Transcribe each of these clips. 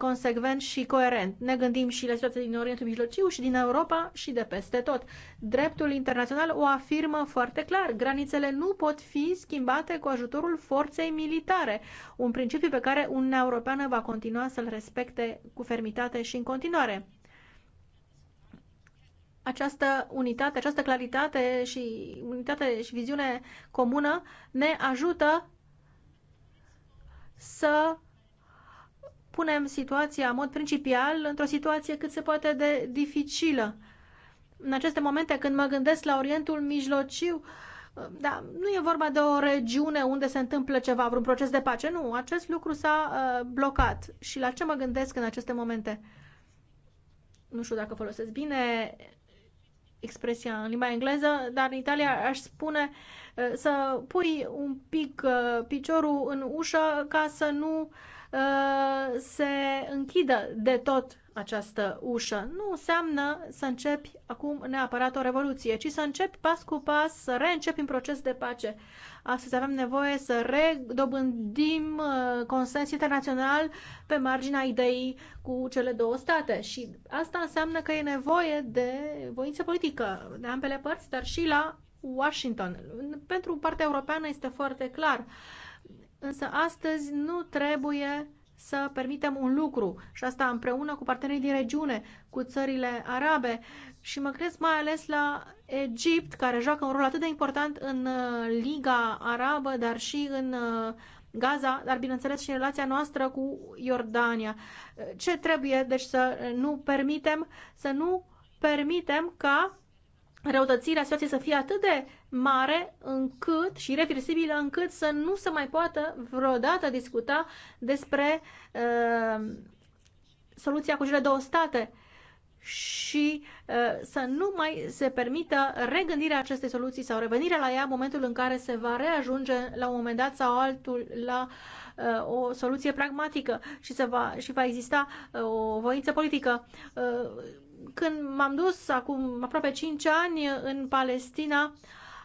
consecvent și coerent. Ne gândim și la situația din Orientul Mijlociu și din Europa și de peste tot. Dreptul internațional o afirmă foarte clar. Granițele nu pot fi schimbate cu ajutorul forței militare, un principiu pe care Uniunea Europeană va continua să-l respecte cu fermitate și în continuare această unitate, această claritate și unitate și viziune comună ne ajută să punem situația în mod principial într-o situație cât se poate de dificilă. În aceste momente când mă gândesc la Orientul Mijlociu, da, nu e vorba de o regiune unde se întâmplă ceva, vreun proces de pace. Nu, acest lucru s-a uh, blocat. Și la ce mă gândesc în aceste momente? Nu știu dacă folosesc bine expresia în limba engleză, dar în Italia aș spune uh, să pui un pic uh, piciorul în ușă ca să nu uh, Uh, se închidă de tot această ușă. Nu înseamnă să începi acum neapărat o revoluție, ci să începi pas cu pas, să reîncepi un proces de pace. Astăzi avem nevoie să redobândim uh, consens internațional pe marginea ideii cu cele două state și asta înseamnă că e nevoie de voință politică de ambele părți, dar și la Washington. Pentru partea europeană este foarte clar. Uh, Însă astăzi nu trebuie să permitem un lucru și asta împreună cu partenerii din regiune, cu țările arabe și mă gândesc mai ales la Egipt, care joacă un rol atât de important în uh, Liga Arabă, dar și în uh, Gaza, dar bineînțeles și în relația noastră cu Iordania. Ce trebuie, deci, să nu permitem, să nu permitem ca răutățirea situației să fie atât de mare încât și reversibilă încât să nu se mai poată vreodată discuta despre uh, soluția cu cele două state și uh, să nu mai se permită regândirea acestei soluții sau revenirea la ea în momentul în care se va reajunge la un moment dat sau altul la uh, o soluție pragmatică și, se va, și va exista uh, o voință politică. Uh, când m-am dus acum aproape 5 ani în Palestina,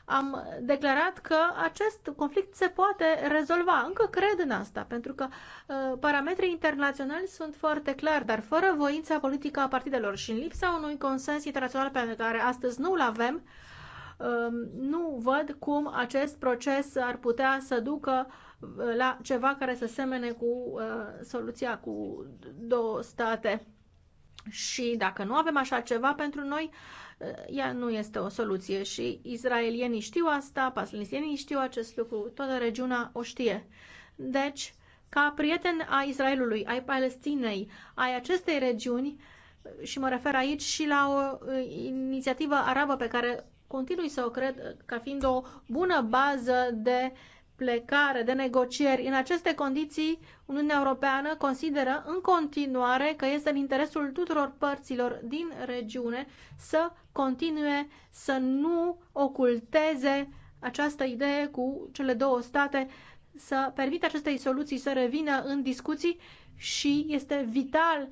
am declarat că acest conflict se poate rezolva. Încă cred în asta, pentru că uh, parametrii internaționali sunt foarte clari, dar fără voința politică a partidelor și în lipsa unui consens internațional pe care astăzi nu-l avem, uh, nu văd cum acest proces ar putea să ducă uh, la ceva care să semene cu uh, soluția cu două state și dacă nu avem așa ceva pentru noi, eh, ea nu este o soluție și izraelienii știu asta, palestinienii știu acest lucru, toată regiunea o știe. Deci, ca prieten a Israelului, ai Palestinei, ai acestei regiuni, eh, și mă refer aici și la o eh, inițiativă arabă pe care continui să o cred ca fiind o bună bază de uh, plecare, de negocieri. În aceste condiții, Uniunea Europeană consideră în continuare că este în interesul tuturor părților din regiune să continue să nu oculteze această idee cu cele două state, să permită acestei soluții să revină în discuții și este vital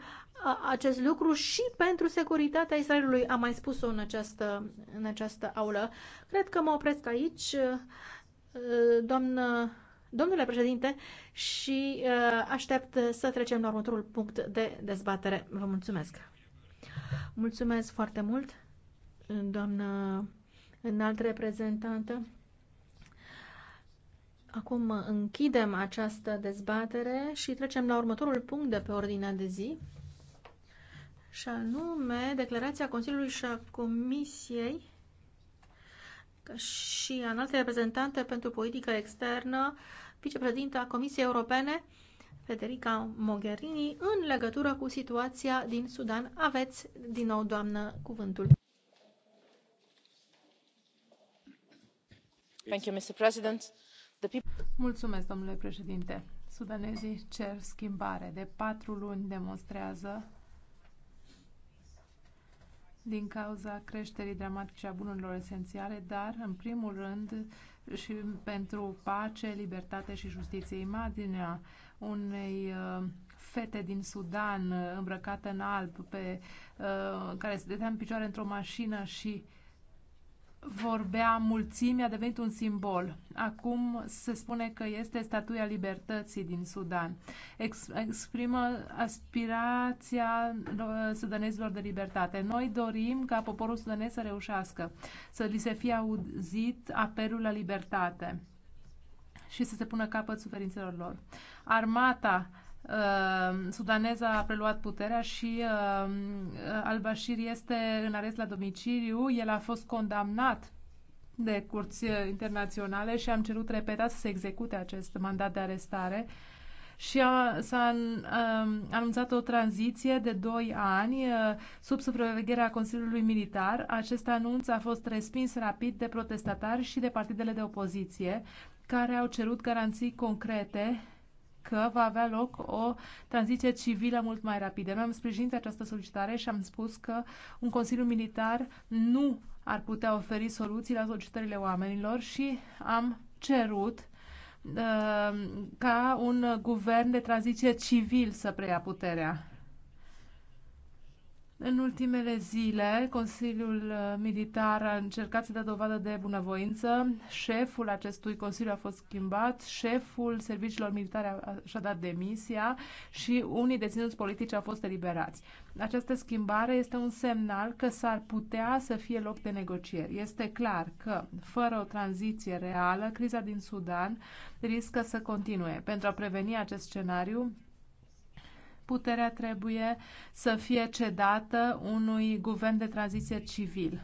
acest lucru și pentru securitatea Israelului. Am mai spus-o în această, în această aulă. Cred că mă opresc aici. Uh, doamnă, domnule președinte, și uh, aștept să trecem la următorul punct de dezbatere. Vă mulțumesc! Mulțumesc foarte mult, doamnă înalt reprezentantă. Acum închidem această dezbatere și trecem la următorul punct de pe ordinea de zi, și anume declarația Consiliului și a Comisiei și înalte reprezentante pentru politică externă, vicepreședinta Comisiei Europene, Federica Mogherini, în legătură cu situația din Sudan. Aveți din nou, doamnă, cuvântul. Thank you, Mr. President. The people... Mulțumesc, domnule președinte. Sudanezii cer schimbare. De patru luni demonstrează din cauza creșterii dramatice a bunurilor esențiale, dar, în primul rând, și pentru pace, libertate și justiție. Imaginea unei uh, fete din Sudan uh, îmbrăcată în alb, pe, uh, care se dădea în picioare într-o mașină și vorbea mulțimi, a devenit un simbol. Acum se spune că este statuia libertății din Sudan. Ex- exprimă aspirația uh, sudanezilor de libertate. Noi dorim ca poporul sudanez să reușească, să li se fie auzit apelul la libertate și să se pună capăt suferințelor lor. Armata Uh, sudaneza a preluat puterea și uh, uh, al-Bashir este în arest la domiciliu. El a fost condamnat de curți internaționale și am cerut repetat să se execute acest mandat de arestare și a, s-a anunțat o tranziție de 2 ani sub supravegherea Consiliului Militar. Acest anunț a fost respins rapid de protestatari și de partidele de opoziție care au cerut garanții concrete că va avea loc o tranziție civilă mult mai rapidă. Noi am sprijinit această solicitare și am spus că un Consiliu Militar nu ar putea oferi soluții la solicitările oamenilor și am cerut uh, ca un guvern de tranziție civil să preia puterea în ultimele zile, Consiliul uh, Militar a încercat să dea dovadă de bunăvoință. Șeful acestui Consiliu a fost schimbat, șeful serviciilor militare și-a dat demisia și unii deținuți politici au fost eliberați. Această schimbare este un semnal că s-ar putea să fie loc de negocieri. Este clar că, fără o tranziție reală, criza din Sudan riscă să continue. Pentru a preveni acest scenariu, puterea trebuie să fie cedată unui guvern de tranziție civil.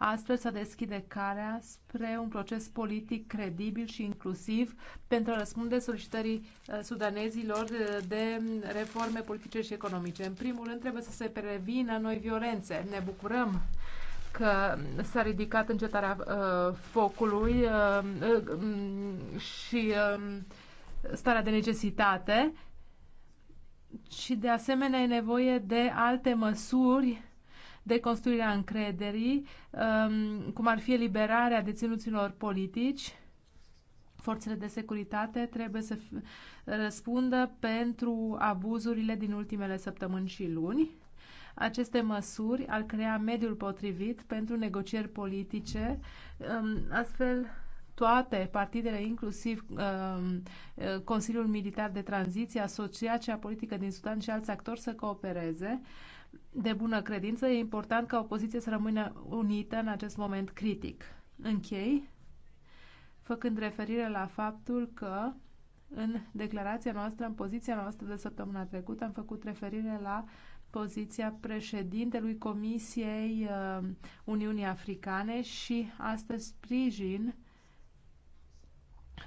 Astfel să deschide calea spre un proces politic credibil și inclusiv pentru a răspunde solicitării uh, sudanezilor uh, de, reforme politice și economice. În primul rând trebuie să se prevină noi violențe. Ne bucurăm că s-a ridicat încetarea uh, focului uh, uh, mm, și uh, starea de necesitate și de asemenea e nevoie de alte măsuri de construirea încrederii, um, cum ar fi eliberarea deținuților politici. Forțele de securitate trebuie să răspundă pentru abuzurile din ultimele săptămâni și luni. Aceste măsuri ar crea mediul potrivit pentru negocieri politice, um, astfel toate partidele, inclusiv uh, uh, Consiliul Militar de Tranziție, Asociația Politică din Sudan și alți actori să coopereze de bună credință. E important ca opoziția să rămână unită în acest moment critic. Închei făcând referire la faptul că în declarația noastră, în poziția noastră de săptămâna trecută, am făcut referire la poziția președintelui Comisiei uh, Uniunii Africane și astăzi sprijin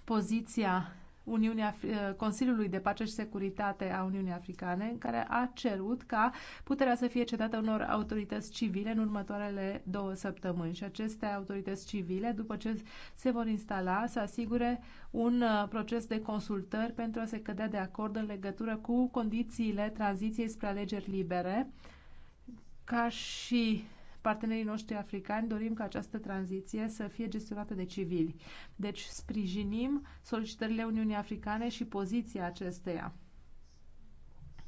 poziția Uniunii Af eh, Consiliului de Pace și Securitate a Uniunii Africane, în care a cerut ca puterea să fie cedată unor autorități civile în următoarele două săptămâni. Și aceste autorități civile, după ce se vor instala, să asigure un eh, proces de consultări pentru a se cădea de acord în legătură cu condițiile tranziției spre alegeri libere, ca și partenerii noștri africani, dorim ca această tranziție să fie gestionată de civili. Deci sprijinim solicitările Uniunii Africane și poziția acesteia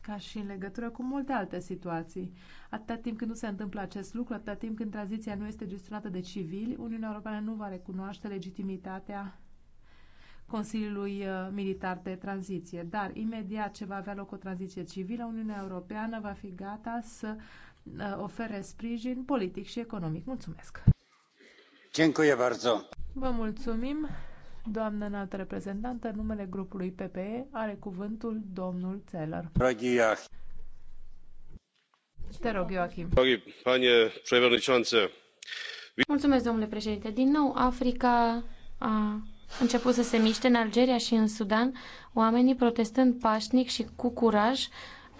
ca și în legătură cu multe alte situații. Atâta timp când nu se întâmplă acest lucru, atâta timp când tranziția nu este gestionată de civili, Uniunea Europeană nu va recunoaște legitimitatea Consiliului uh, Militar de Tranziție. Dar imediat ce va avea loc o tranziție civilă, Uniunea Europeană va fi gata să Uh, ofere sprijin politic și economic. Mulțumesc! Vă mulțumim, doamnă înaltă reprezentantă. În numele grupului PPE are cuvântul domnul Țeler. Te rog, Joachim. Mulțumesc, domnule președinte. Din nou, Africa a început să se miște în Algeria și în Sudan, oamenii protestând pașnic și cu curaj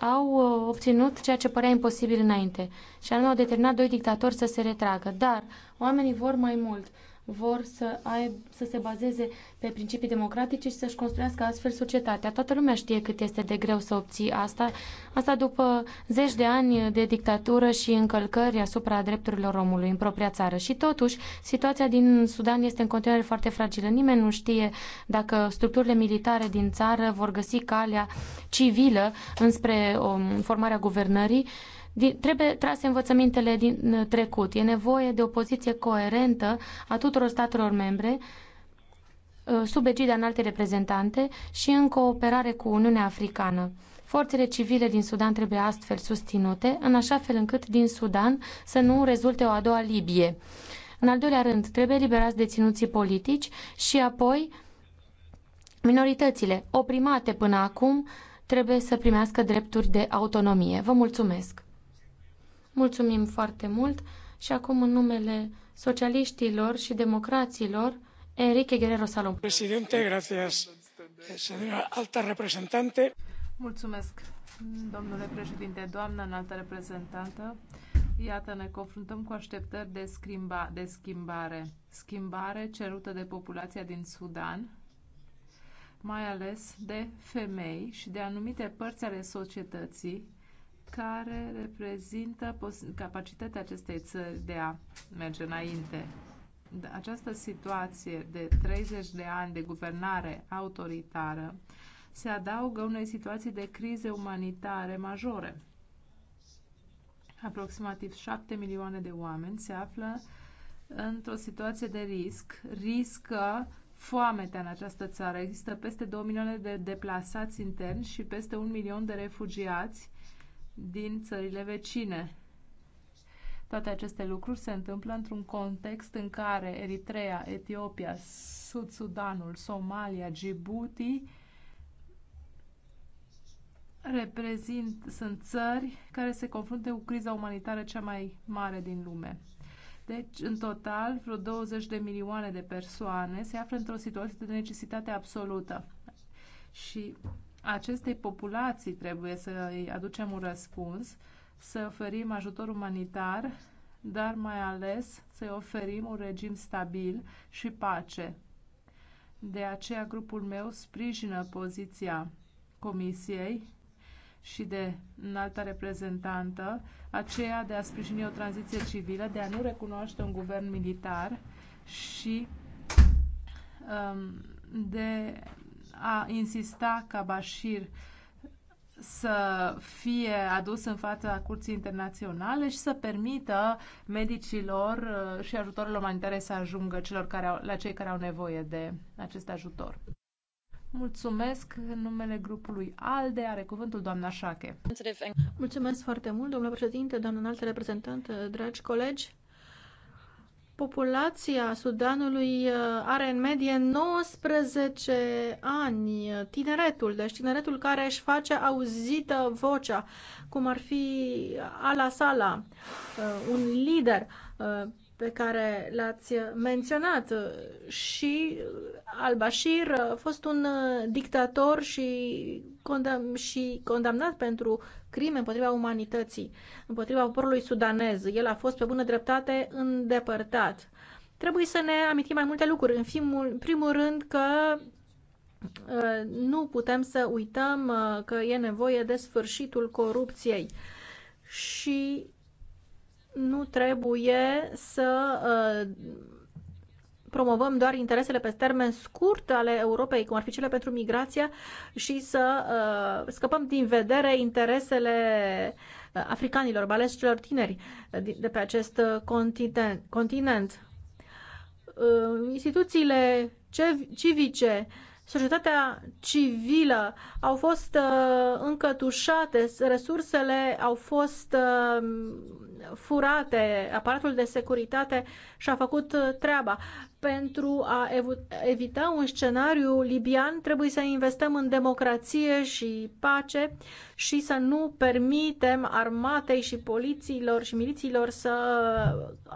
au uh, obținut ceea ce părea imposibil înainte, și anume au determinat doi dictatori să se retragă. Dar oamenii vor mai mult vor să, aib, să se bazeze pe principii democratice și să-și construiască astfel societatea. Toată lumea știe cât este de greu să obții asta. Asta după zeci de ani de dictatură și încălcări asupra drepturilor omului în propria țară. Și totuși, situația din Sudan este în continuare foarte fragilă. Nimeni nu știe dacă structurile militare din țară vor găsi calea civilă înspre o, um, formarea guvernării din, trebuie trase învățămintele din uh, trecut. E nevoie de o poziție coerentă a tuturor statelor membre uh, sub egida în alte reprezentante și în cooperare cu Uniunea Africană. Forțele civile din Sudan trebuie astfel susținute, în așa fel încât din Sudan să nu rezulte o a doua Libie. În al doilea rând, trebuie liberați deținuții politici și apoi minoritățile oprimate până acum trebuie să primească drepturi de autonomie. Vă mulțumesc! Mulțumim foarte mult și acum în numele socialiștilor și democraților, Enrique Guerrero Salom. Președinte, gracias. Señora alta representante. Mulțumesc, domnule președinte, doamnă înaltă reprezentantă. Iată, ne confruntăm cu așteptări de, schimba, de schimbare. Schimbare cerută de populația din Sudan, mai ales de femei și de anumite părți ale societății care reprezintă capacitatea acestei țări de a merge înainte. Da, această situație de 30 de ani de guvernare autoritară se adaugă unei situații de crize umanitare majore. Aproximativ 7 milioane de oameni se află într-o situație de risc, riscă foametea în această țară. Există peste 2 milioane de deplasați interni și peste 1 milion de refugiați din țările vecine. Toate aceste lucruri se întâmplă într-un context în care Eritrea, Etiopia, Sud-Sudanul, Somalia, Djibouti reprezint, sunt țări care se confruntă cu criza umanitară cea mai mare din lume. Deci, în total, vreo 20 de milioane de persoane se află într-o situație de necesitate absolută. Și acestei populații trebuie să îi aducem un răspuns, să oferim ajutor umanitar, dar mai ales să oferim un regim stabil și pace. De aceea grupul meu sprijină poziția Comisiei și de înalta reprezentantă, aceea de a sprijini o tranziție civilă, de a nu recunoaște un guvern militar și um, de a insista ca Bashir să fie adus în fața curții internaționale și să permită medicilor uh, și ajutorul umanitare să ajungă celor care au, la cei care au nevoie de acest ajutor. Mulțumesc în numele grupului ALDE, are cuvântul doamna Șache. Mulțumesc foarte mult, domnule președinte, doamnă înaltă reprezentantă, dragi colegi. Populația Sudanului uh, are în medie 19 ani, uh, tineretul, deci tineretul care își face auzită vocea, cum ar fi Ala Sala, uh, un lider pe care l-ați menționat și al-Bashir a fost un dictator și, condam- și condamnat pentru crime împotriva umanității, împotriva poporului sudanez. El a fost pe bună dreptate îndepărtat. Trebuie să ne amintim mai multe lucruri. În primul, primul rând că uh, nu putem să uităm uh, că e nevoie de sfârșitul corupției și nu trebuie să uh, promovăm doar interesele pe termen scurt ale Europei, cum ar fi cele pentru migrație, și să uh, scăpăm din vedere interesele uh, africanilor, mai ales celor tineri uh, de pe acest uh, continent. continent. Uh, instituțiile civice, societatea civilă au fost uh, încătușate, resursele au fost uh, furate, aparatul de securitate și-a făcut uh, treaba. Pentru a evita un scenariu libian, trebuie să investăm în democrație și pace și să nu permitem armatei și polițiilor și milițiilor să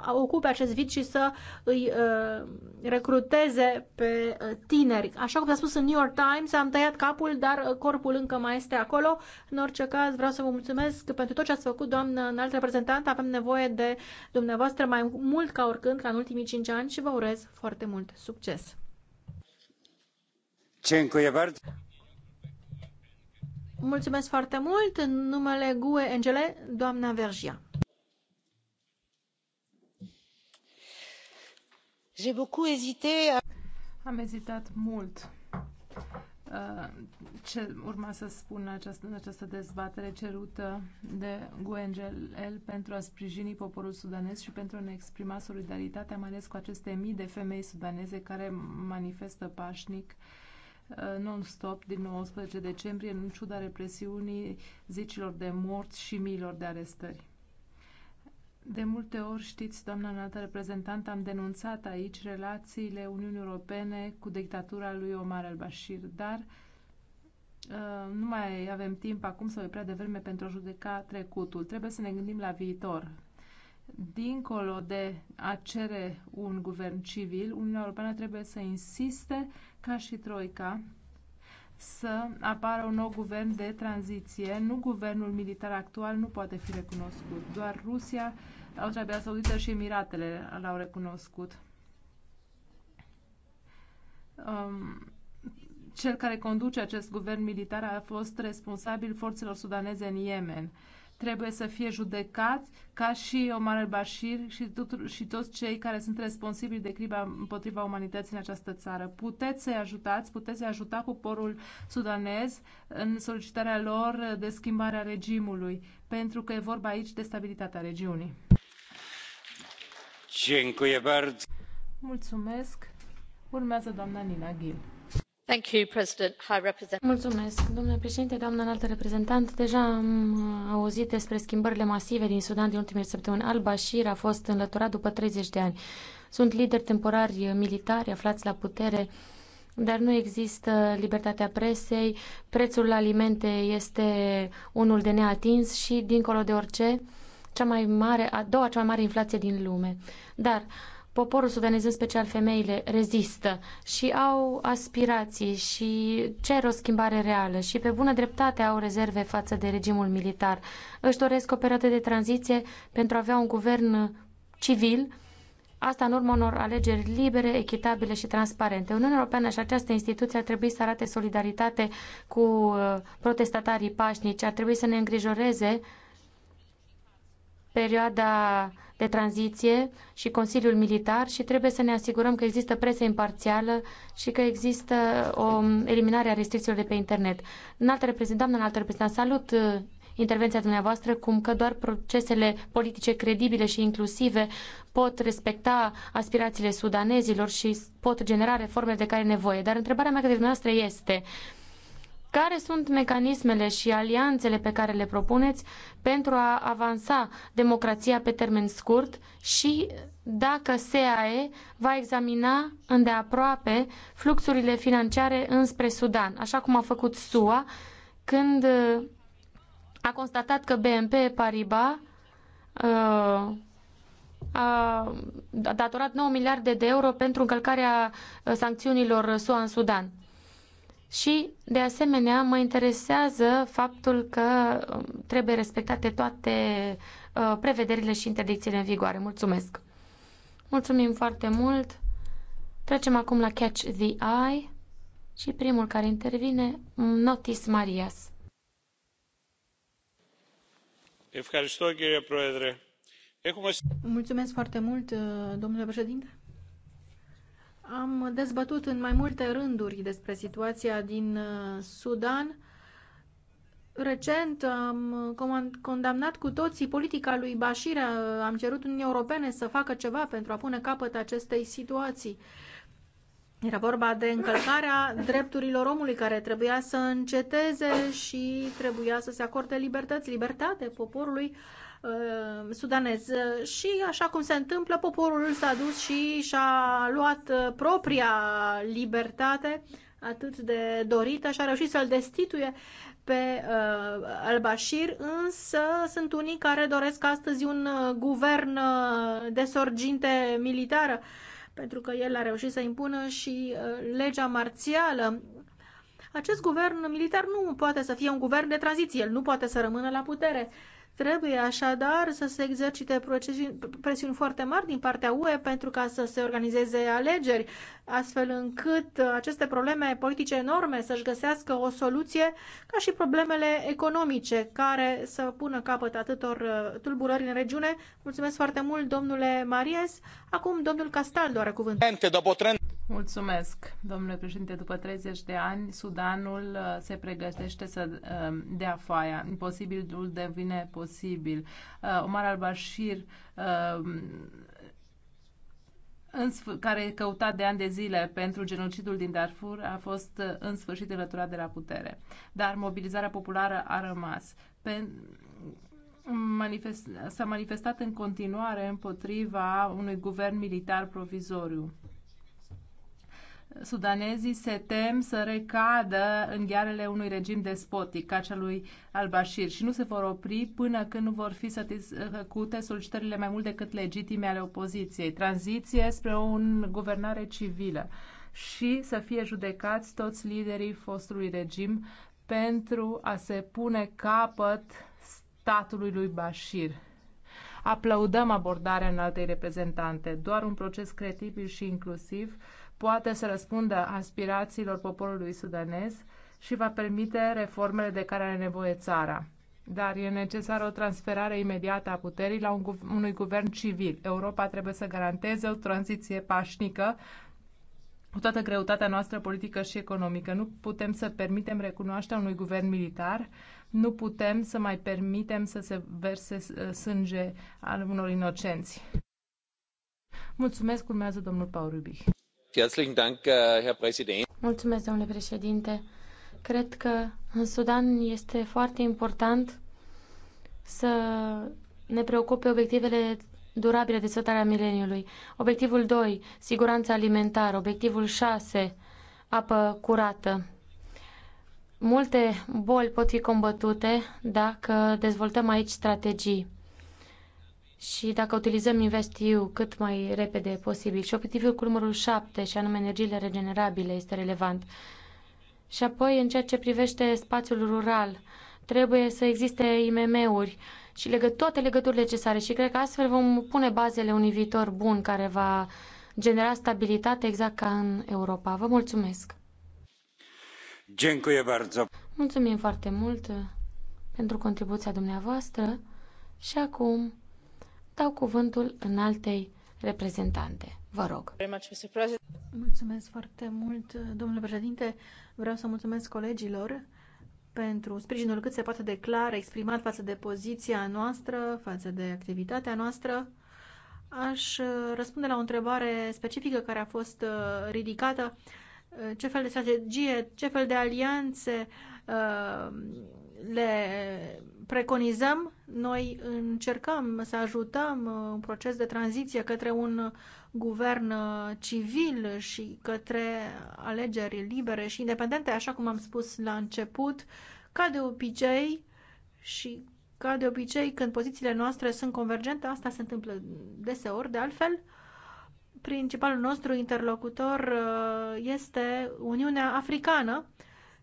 ocupe acest vid și să îi uh, recruteze pe uh, tineri. Așa cum s-a spus în New York Times, am tăiat capul, dar uh, corpul încă mai este acolo. În orice caz, vreau să vă mulțumesc pentru tot ce ați făcut, doamnă înalt reprezentant avem nevoie de dumneavoastră mai mult ca oricând, ca în ultimii cinci ani și vă urez foarte mult succes. Mulțumesc foarte mult. În numele GUE Engele, doamna Vergia. Am ezitat mult ce urma să spun această, în această dezbatere cerută de Guengel pentru a sprijini poporul sudanez și pentru a ne exprima solidaritatea, mai ales cu aceste mii de femei sudaneze care manifestă pașnic uh, non-stop din 19 decembrie, în ciuda represiunii zicilor de morți și miilor de arestări. De multe ori, știți, doamna înaltă reprezentant, am denunțat aici relațiile Uniunii Europene cu dictatura lui Omar al-Bashir, dar uh, nu mai avem timp acum sau e prea devreme pentru a judeca trecutul. Trebuie să ne gândim la viitor. Dincolo de a cere un guvern civil, Uniunea Europeană trebuie să insiste, ca și Troica, să apară un nou guvern de tranziție. Nu guvernul militar actual nu poate fi recunoscut. Doar Rusia să Saudită și Emiratele l-au recunoscut. Um, cel care conduce acest guvern militar a fost responsabil forțelor sudaneze în Yemen. Trebuie să fie judecat ca și Omar al-Bashir și, și toți cei care sunt responsabili de crima împotriva umanității în această țară. Puteți să-i ajutați, puteți să-i ajuta poporul sudanez în solicitarea lor de schimbarea regimului, pentru că e vorba aici de stabilitatea regiunii. Mulțumesc. domnule președinte doamnă înalt reprezentant deja am uh, auzit despre schimbările masive din sudan din ultimele săptămâni al bashir a fost înlăturat după treizeci de ani sunt lideri temporari militari aflați la putere dar nu există libertatea presei prețul la alimente este unul de neatins și dincolo de orice cea mai mare, a doua cea mai mare inflație din lume. Dar poporul sudanez, în special femeile, rezistă și au aspirații și cer o schimbare reală și pe bună dreptate au rezerve față de regimul militar. Își doresc o perioadă de tranziție pentru a avea un guvern civil, asta în urma unor alegeri libere, echitabile și transparente. Uniunea Europeană și această instituție ar trebui să arate solidaritate cu uh, protestatarii pașnici, ar trebui să ne îngrijoreze perioada de tranziție și Consiliul Militar și trebuie să ne asigurăm că există presă imparțială și că există o eliminare a restricțiilor de pe internet. În altă reprezentant, în altă reprezentant, salut uh, intervenția dumneavoastră, cum că doar procesele politice credibile și inclusive pot respecta aspirațiile sudanezilor și pot genera reforme de care e nevoie. Dar întrebarea mea către dumneavoastră este, uh, care sunt mecanismele și alianțele pe care le propuneți pentru a avansa democrația pe termen scurt și dacă SAE va examina îndeaproape fluxurile financiare înspre Sudan, așa cum a făcut SUA când uh, a constatat că BNP Paribas uh, a datorat 9 miliarde de euro pentru încălcarea uh, sancțiunilor SUA în Sudan. Și, de asemenea, mă interesează faptul că um, trebuie respectate toate uh, prevederile și interdicțiile în vigoare. Mulțumesc! Mulțumim foarte mult! Trecem acum la Catch the Eye și primul care intervine, Notis Marias. Mulțumesc foarte mult, uh, domnule președinte. Am dezbătut în mai multe rânduri despre situația din uh, Sudan. Recent am condamnat cu toții politica lui Bashir, am cerut Uniunii Europene să facă ceva pentru a pune capăt acestei situații. Era vorba de încălcarea drepturilor omului care trebuia să înceteze și trebuia să se acorde libertăți, libertate poporului uh, sudanez. Și așa cum se întâmplă, poporul s-a dus și și-a luat uh, propria libertate atât de dorită și a reușit să-l destituie pe uh, Al-Bashir, însă sunt unii care doresc astăzi un uh, guvern de sorginte militară. Uh, pentru că el a reușit să impună și uh, legea marțială. Acest guvern militar nu poate să fie un guvern de tranziție, el nu poate să rămână la putere. Trebuie așadar să se exercite presiuni foarte mari din partea UE pentru ca să se organizeze alegeri, astfel încât aceste probleme politice enorme să-și găsească o soluție, ca și problemele economice care să pună capăt atâtor uh, tulburări în regiune. Mulțumesc foarte mult, domnule Maries. Acum, domnul Castaldo are cuvântul. Mulțumesc, domnule președinte. După 30 de ani, Sudanul uh, se pregătește să uh, dea foaia. Imposibilul devine posibil. Uh, Omar al-Bashir care e căutat de ani de zile pentru genocidul din Darfur, a fost în sfârșit înlăturat de la putere. Dar mobilizarea populară a rămas. Pe, manifest, s-a manifestat în continuare împotriva unui guvern militar provizoriu sudanezii se tem să recadă în ghearele unui regim despotic, ca celui al Bashir, și nu se vor opri până când nu vor fi satisfăcute solicitările mai mult decât legitime ale opoziției. Tranziție spre o guvernare civilă și să fie judecați toți liderii fostului regim pentru a se pune capăt statului lui Bashir. Aplaudăm abordarea în altei reprezentante. Doar un proces credibil și inclusiv poate să răspundă aspirațiilor poporului sudanez și va permite reformele de care are nevoie țara. Dar e necesară o transferare imediată a puterii la un, unui guvern civil. Europa trebuie să garanteze o tranziție pașnică cu toată greutatea noastră politică și economică. Nu putem să permitem recunoașterea unui guvern militar, nu putem să mai permitem să se verse sânge al unor inocenți. Mulțumesc, urmează domnul Rubich. Äh, Mulțumesc, domnule președinte. Cred că în Sudan este foarte important să ne preocupe obiectivele durabile de dezvoltarea mileniului. Obiectivul 2, siguranța alimentară. Obiectivul 6, apă curată. Multe boli pot fi combătute dacă dezvoltăm aici strategii și dacă utilizăm InvestEU cât mai repede posibil. Și obiectivul cu numărul 7, și anume energiile regenerabile, este relevant. Și apoi, în ceea ce privește spațiul rural, trebuie să existe IMM-uri și legă, toate legăturile necesare și cred că astfel vom pune bazele unui viitor bun care va genera stabilitate exact ca în Europa. Vă mulțumesc! Dziękuję bardzo. Mulțumim foarte mult pentru contribuția dumneavoastră și acum Dau cuvântul în altei reprezentante. Vă rog. Mulțumesc foarte mult, domnule președinte. Vreau să mulțumesc colegilor pentru sprijinul cât se poate de clar exprimat față de poziția noastră, față de activitatea noastră. Aș uh, răspunde la o întrebare specifică care a fost uh, ridicată. Uh, ce fel de strategie, ce fel de alianțe le preconizăm, noi încercăm să ajutăm uh, un proces de tranziție către un uh, guvern uh, civil și către alegeri libere și independente, așa cum am spus la început, ca de obicei și ca de obicei când pozițiile noastre sunt convergente, asta se întâmplă deseori, de altfel, principalul nostru interlocutor este Uniunea Africană,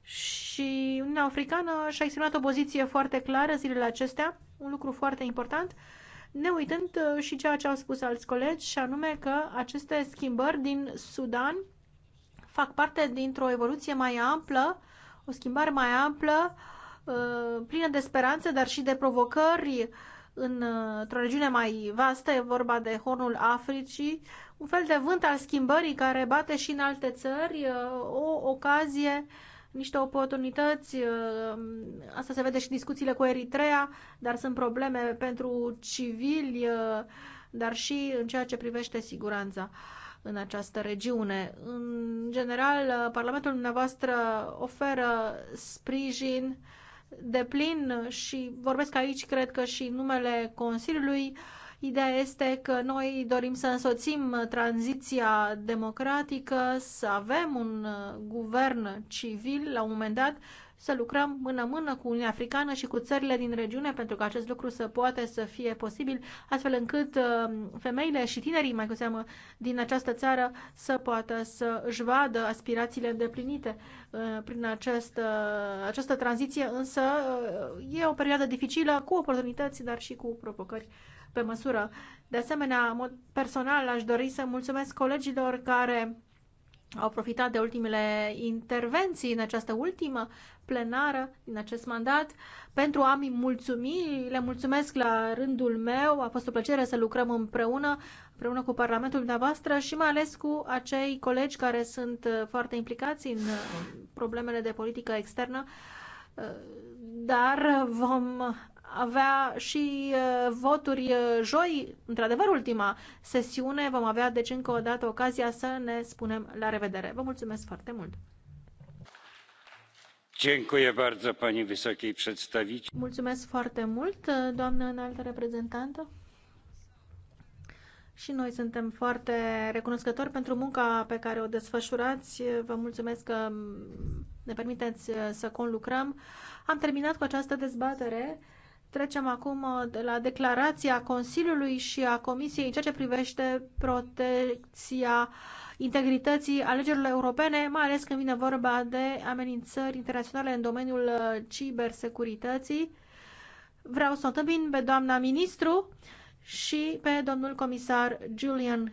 și Uniunea Africană și-a exprimat o poziție foarte clară zilele acestea, un lucru foarte important, ne uitând uh, și ceea ce au spus alți colegi, și anume că aceste schimbări din Sudan fac parte dintr-o evoluție mai amplă, o schimbare mai amplă, uh, plină de speranțe, dar și de provocări uh, într-o regiune mai vastă, e vorba de Hornul Africii, un fel de vânt al schimbării care bate și în alte țări, o ocazie niște oportunități. Uh, asta se vede și discuțiile cu Eritrea, dar sunt probleme pentru civili, uh, dar și în ceea ce privește siguranța în această regiune. În general, uh, Parlamentul dumneavoastră oferă sprijin de plin și vorbesc aici, cred că și numele Consiliului, uh, Ideea este că noi dorim să însoțim tranziția democratică, să avem un uh, guvern civil la un moment dat, să lucrăm mână-mână cu Uniunea Africană și cu țările din regiune pentru că acest lucru să poate să fie posibil, astfel încât uh, femeile și tinerii, mai cu seamă, din această țară să poată să își vadă aspirațiile îndeplinite uh, prin această, această tranziție, însă e o perioadă dificilă cu oportunități, dar și cu provocări pe măsură. De asemenea, în mod personal, aș dori să mulțumesc colegilor care au profitat de ultimele intervenții în această ultimă plenară din acest mandat pentru a-mi mulțumi. Le mulțumesc la rândul meu. A fost o plăcere să lucrăm împreună, împreună cu Parlamentul dumneavoastră și mai ales cu acei colegi care sunt foarte implicați în problemele de politică externă. Dar vom avea și uh, voturi uh, joi, într-adevăr ultima sesiune. Vom avea deci încă o dată ocazia să ne spunem la revedere. Vă mulțumesc foarte mult! Mulțumesc foarte mult, doamnă înaltă reprezentantă. Și noi suntem foarte recunoscători pentru munca pe care o desfășurați. Vă mulțumesc că ne permiteți să conlucrăm. Am terminat cu această dezbatere. Trecem acum uh, de la declarația Consiliului și a Comisiei în ceea ce privește protecția integrității alegerilor europene, mai ales când vine vorba de amenințări internaționale în domeniul uh, cibersecurității. Vreau să o întâmpin pe doamna ministru și pe domnul comisar Julian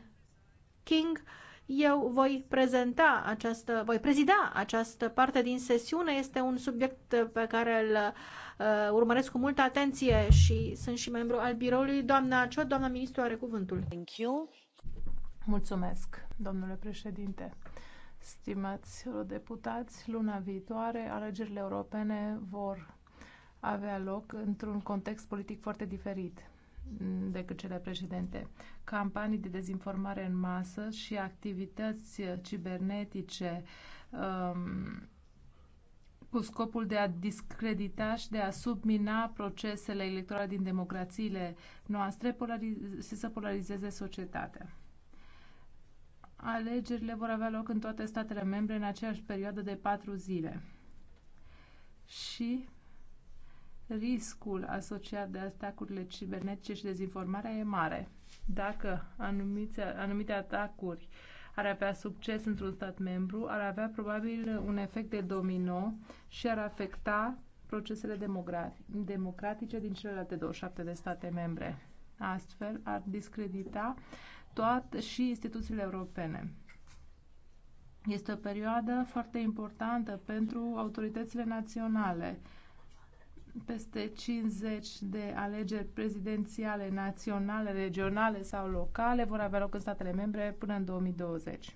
King. Eu voi prezenta această, voi prezida această parte din sesiune. Este un subiect uh, pe care îl Uh, urmăresc cu multă atenție și sunt și membru al biroului. Doamna Ciot, doamna ministru, are cuvântul. Thank you. Mulțumesc, domnule președinte. Stimați deputați, luna viitoare alegerile europene vor avea loc într-un context politic foarte diferit decât cele președinte. Campanii de dezinformare în masă și activități cibernetice um, cu scopul de a discredita și de a submina procesele electorale din democrațiile noastre și să polarizeze societatea. Alegerile vor avea loc în toate statele membre în aceeași perioadă de patru zile. Și riscul asociat de atacurile cibernetice și dezinformarea e mare. Dacă anumite, anumite atacuri uh, ar avea succes într-un stat membru, ar avea probabil un efect de domino și ar afecta procesele democratice din celelalte 27 de state membre. Astfel, ar discredita toate și instituțiile europene. Este o perioadă foarte importantă pentru autoritățile naționale peste 50 de alegeri prezidențiale naționale, regionale sau locale vor avea loc în statele membre până în 2020.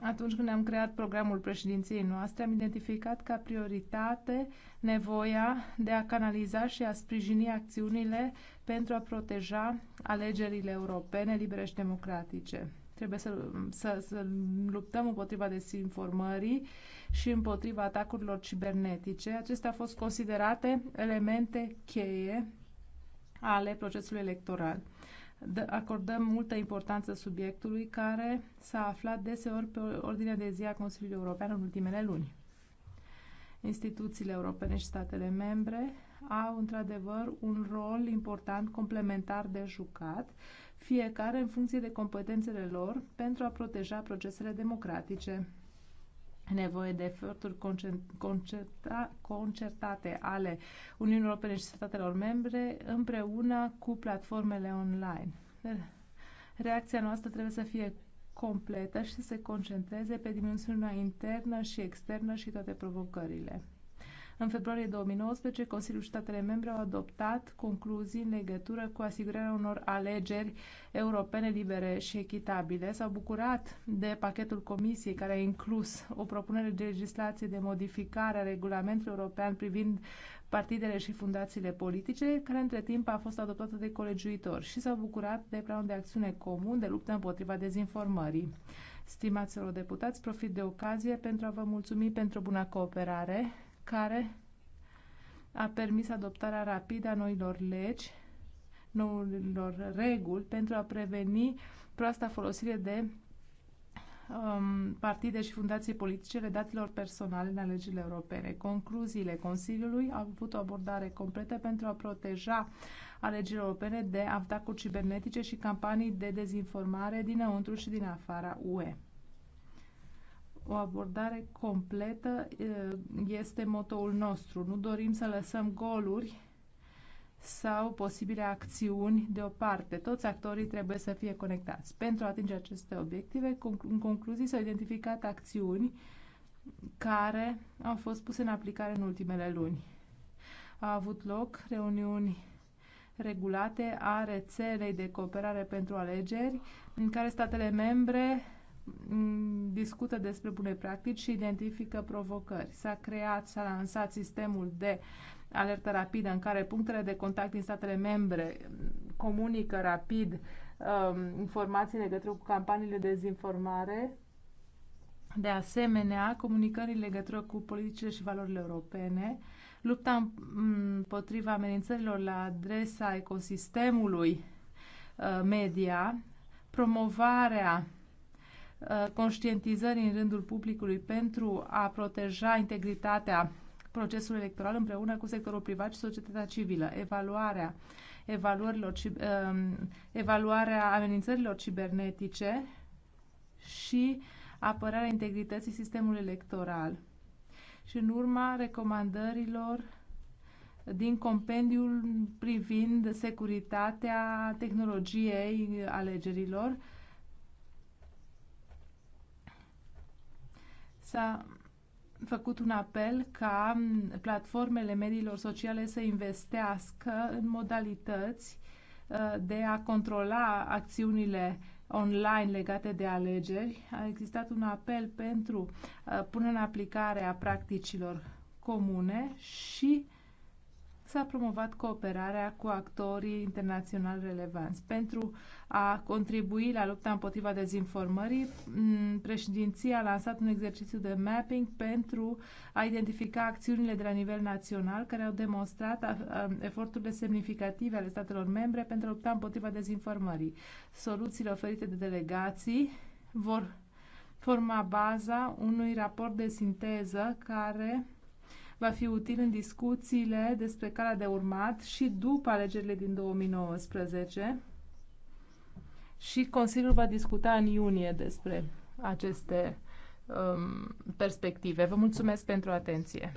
Atunci când am creat programul președinției noastre, am identificat ca prioritate nevoia de a canaliza și a sprijini acțiunile pentru a proteja alegerile europene libere și democratice. Trebuie să, să, să luptăm împotriva desinformării, și împotriva atacurilor cibernetice. Acestea au fost considerate elemente cheie ale procesului electoral. Acordăm multă importanță subiectului care s-a aflat deseori pe ordinea de zi a Consiliului European în ultimele luni. Instituțiile europene și statele membre au într-adevăr un rol important complementar de jucat, fiecare în funcție de competențele lor, pentru a proteja procesele democratice nevoie de eforturi concerta, concertate ale Uniunii Europene și statelor membre împreună cu platformele online. Reacția noastră trebuie să fie completă și să se concentreze pe dimensiunea internă și externă și toate provocările. În februarie 2019, Consiliul Statele Membre au adoptat concluzii în legătură cu asigurarea unor alegeri europene libere și echitabile. S-au bucurat de pachetul Comisiei care a inclus o propunere de legislație de modificare a regulamentului european privind partidele și fundațiile politice, care între timp a fost adoptată de colegiuitori și s-au bucurat de planul de acțiune comun de luptă împotriva dezinformării. Stimați deputați, profit de ocazie pentru a vă mulțumi pentru buna cooperare care a permis adoptarea rapidă a noilor legi, noilor reguli pentru a preveni proasta folosire de um, partide și fundații politice ale datelor personale în alegerile europene. Concluziile Consiliului au avut o abordare completă pentru a proteja alegerile europene de atacuri cibernetice și campanii de dezinformare dinăuntru și din afara UE o abordare completă este motoul nostru. Nu dorim să lăsăm goluri sau posibile acțiuni deoparte. Toți actorii trebuie să fie conectați. Pentru a atinge aceste obiective, în concluzii s-au identificat acțiuni care au fost puse în aplicare în ultimele luni. Au avut loc reuniuni regulate a rețelei de cooperare pentru alegeri, în care statele membre discută despre bune practici și identifică provocări. S-a creat, s-a lansat sistemul de alertă rapidă în care punctele de contact din statele membre comunică rapid um, informații legătură cu campaniile de dezinformare. De asemenea, comunicări în legătură cu politicile și valorile europene, lupta împotriva amenințărilor la adresa ecosistemului uh, media, promovarea Uh, conștientizării în rândul publicului pentru a proteja integritatea procesului electoral împreună cu sectorul privat și societatea civilă, evaluarea evaluărilor, um, evaluarea amenințărilor cibernetice și apărarea integrității sistemului electoral. Și în urma recomandărilor din compendiul privind securitatea tehnologiei alegerilor, S-a făcut un apel ca platformele mediilor sociale să investească în modalități uh, de a controla acțiunile online legate de alegeri. A existat un apel pentru uh, punerea în aplicare a practicilor comune și s-a promovat cooperarea cu actorii internaționali relevanți. Pentru a contribui la lupta împotriva dezinformării, mm, președinția a lansat un exercițiu de mapping pentru a identifica acțiunile de la nivel național care au demonstrat eforturile semnificative ale statelor membre pentru a lupta împotriva dezinformării. Soluțiile oferite de delegații vor forma baza unui raport de sinteză care va fi util în discuțiile despre calea de urmat și după alegerile din 2019 și Consiliul va discuta în iunie despre aceste um, perspective. Vă mulțumesc pentru atenție.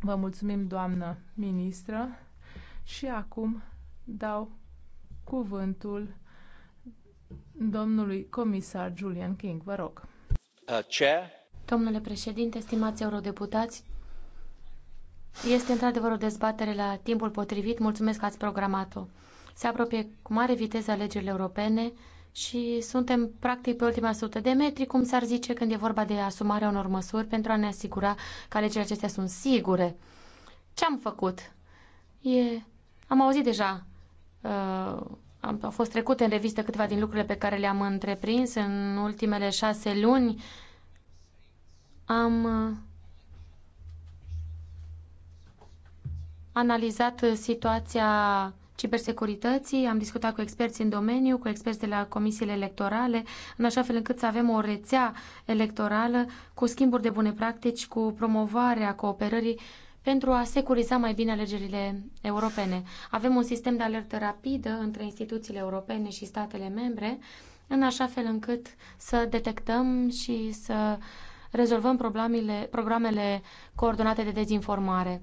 Vă mulțumim, doamnă ministră, și acum dau cuvântul domnului comisar Julian King. Vă rog. Uh, Domnule președinte, stimați eurodeputați, este într-adevăr o dezbatere la timpul potrivit. Mulțumesc că ați programat-o. Se apropie cu mare viteză alegerile europene și suntem practic pe ultima sută de metri, cum s-ar zice când e vorba de asumarea unor măsuri pentru a ne asigura că alegerile acestea sunt sigure. Ce am făcut? E... Am auzit deja uh, am, au fost trecute în revistă câteva din lucrurile pe care le-am întreprins în ultimele șase luni. Am uh, analizat situația cibersecurității, am discutat cu experți în domeniu, cu experți de la comisiile electorale, în așa fel încât să avem o rețea electorală cu schimburi de bune practici, cu promovarea cooperării pentru a securiza mai bine alegerile europene. Avem un sistem de alertă rapidă între instituțiile europene și statele membre, în așa fel încât să detectăm și să rezolvăm problemele, programele coordonate de dezinformare.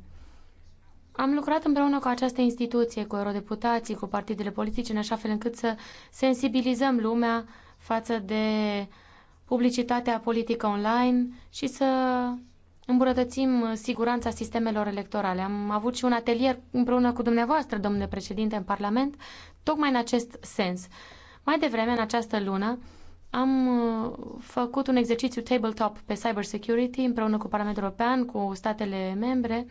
Am lucrat împreună cu această instituție, cu eurodeputații, cu partidele politice, în așa fel încât să sensibilizăm lumea față de publicitatea politică online și să îmbunătățim siguranța sistemelor electorale. Am avut și un atelier împreună cu dumneavoastră, domnule președinte, în Parlament, tocmai în acest sens. Mai devreme, în această lună, am uh, făcut un exercițiu tabletop pe cybersecurity împreună cu Parlamentul European, cu statele membre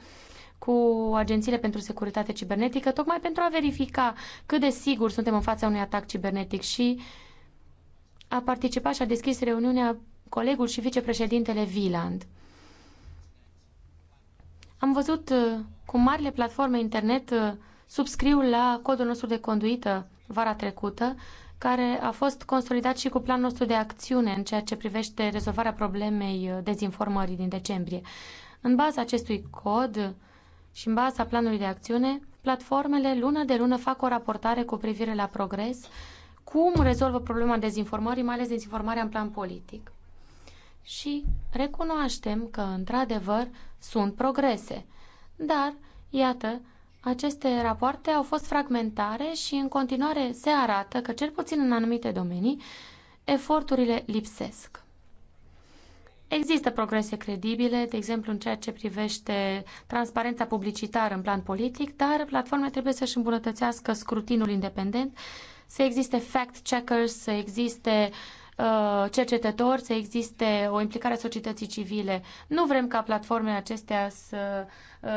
cu agențiile pentru securitate cibernetică, tocmai pentru a verifica cât de sigur suntem în fața unui atac cibernetic și a participat și a deschis reuniunea colegul și vicepreședintele Viland. Am văzut uh, cum marile platforme internet uh, subscriu la codul nostru de conduită vara trecută, care a fost consolidat și cu planul nostru de acțiune în ceea ce privește rezolvarea problemei uh, dezinformării din decembrie. În baza acestui cod, și în baza planului de acțiune, platformele lună de lună fac o raportare cu privire la progres, cum rezolvă problema dezinformării, mai ales dezinformarea în plan politic. Și recunoaștem că, într-adevăr, sunt progrese. Dar, iată, aceste rapoarte au fost fragmentare și în continuare se arată că, cel puțin în anumite domenii, eforturile lipsesc. Există progrese credibile, de exemplu în ceea ce privește transparența publicitară în plan politic, dar platformele trebuie să-și îmbunătățească scrutinul independent, să existe fact-checkers, să existe uh, cercetători, să existe o implicare a societății civile. Nu vrem ca platformele acestea să uh,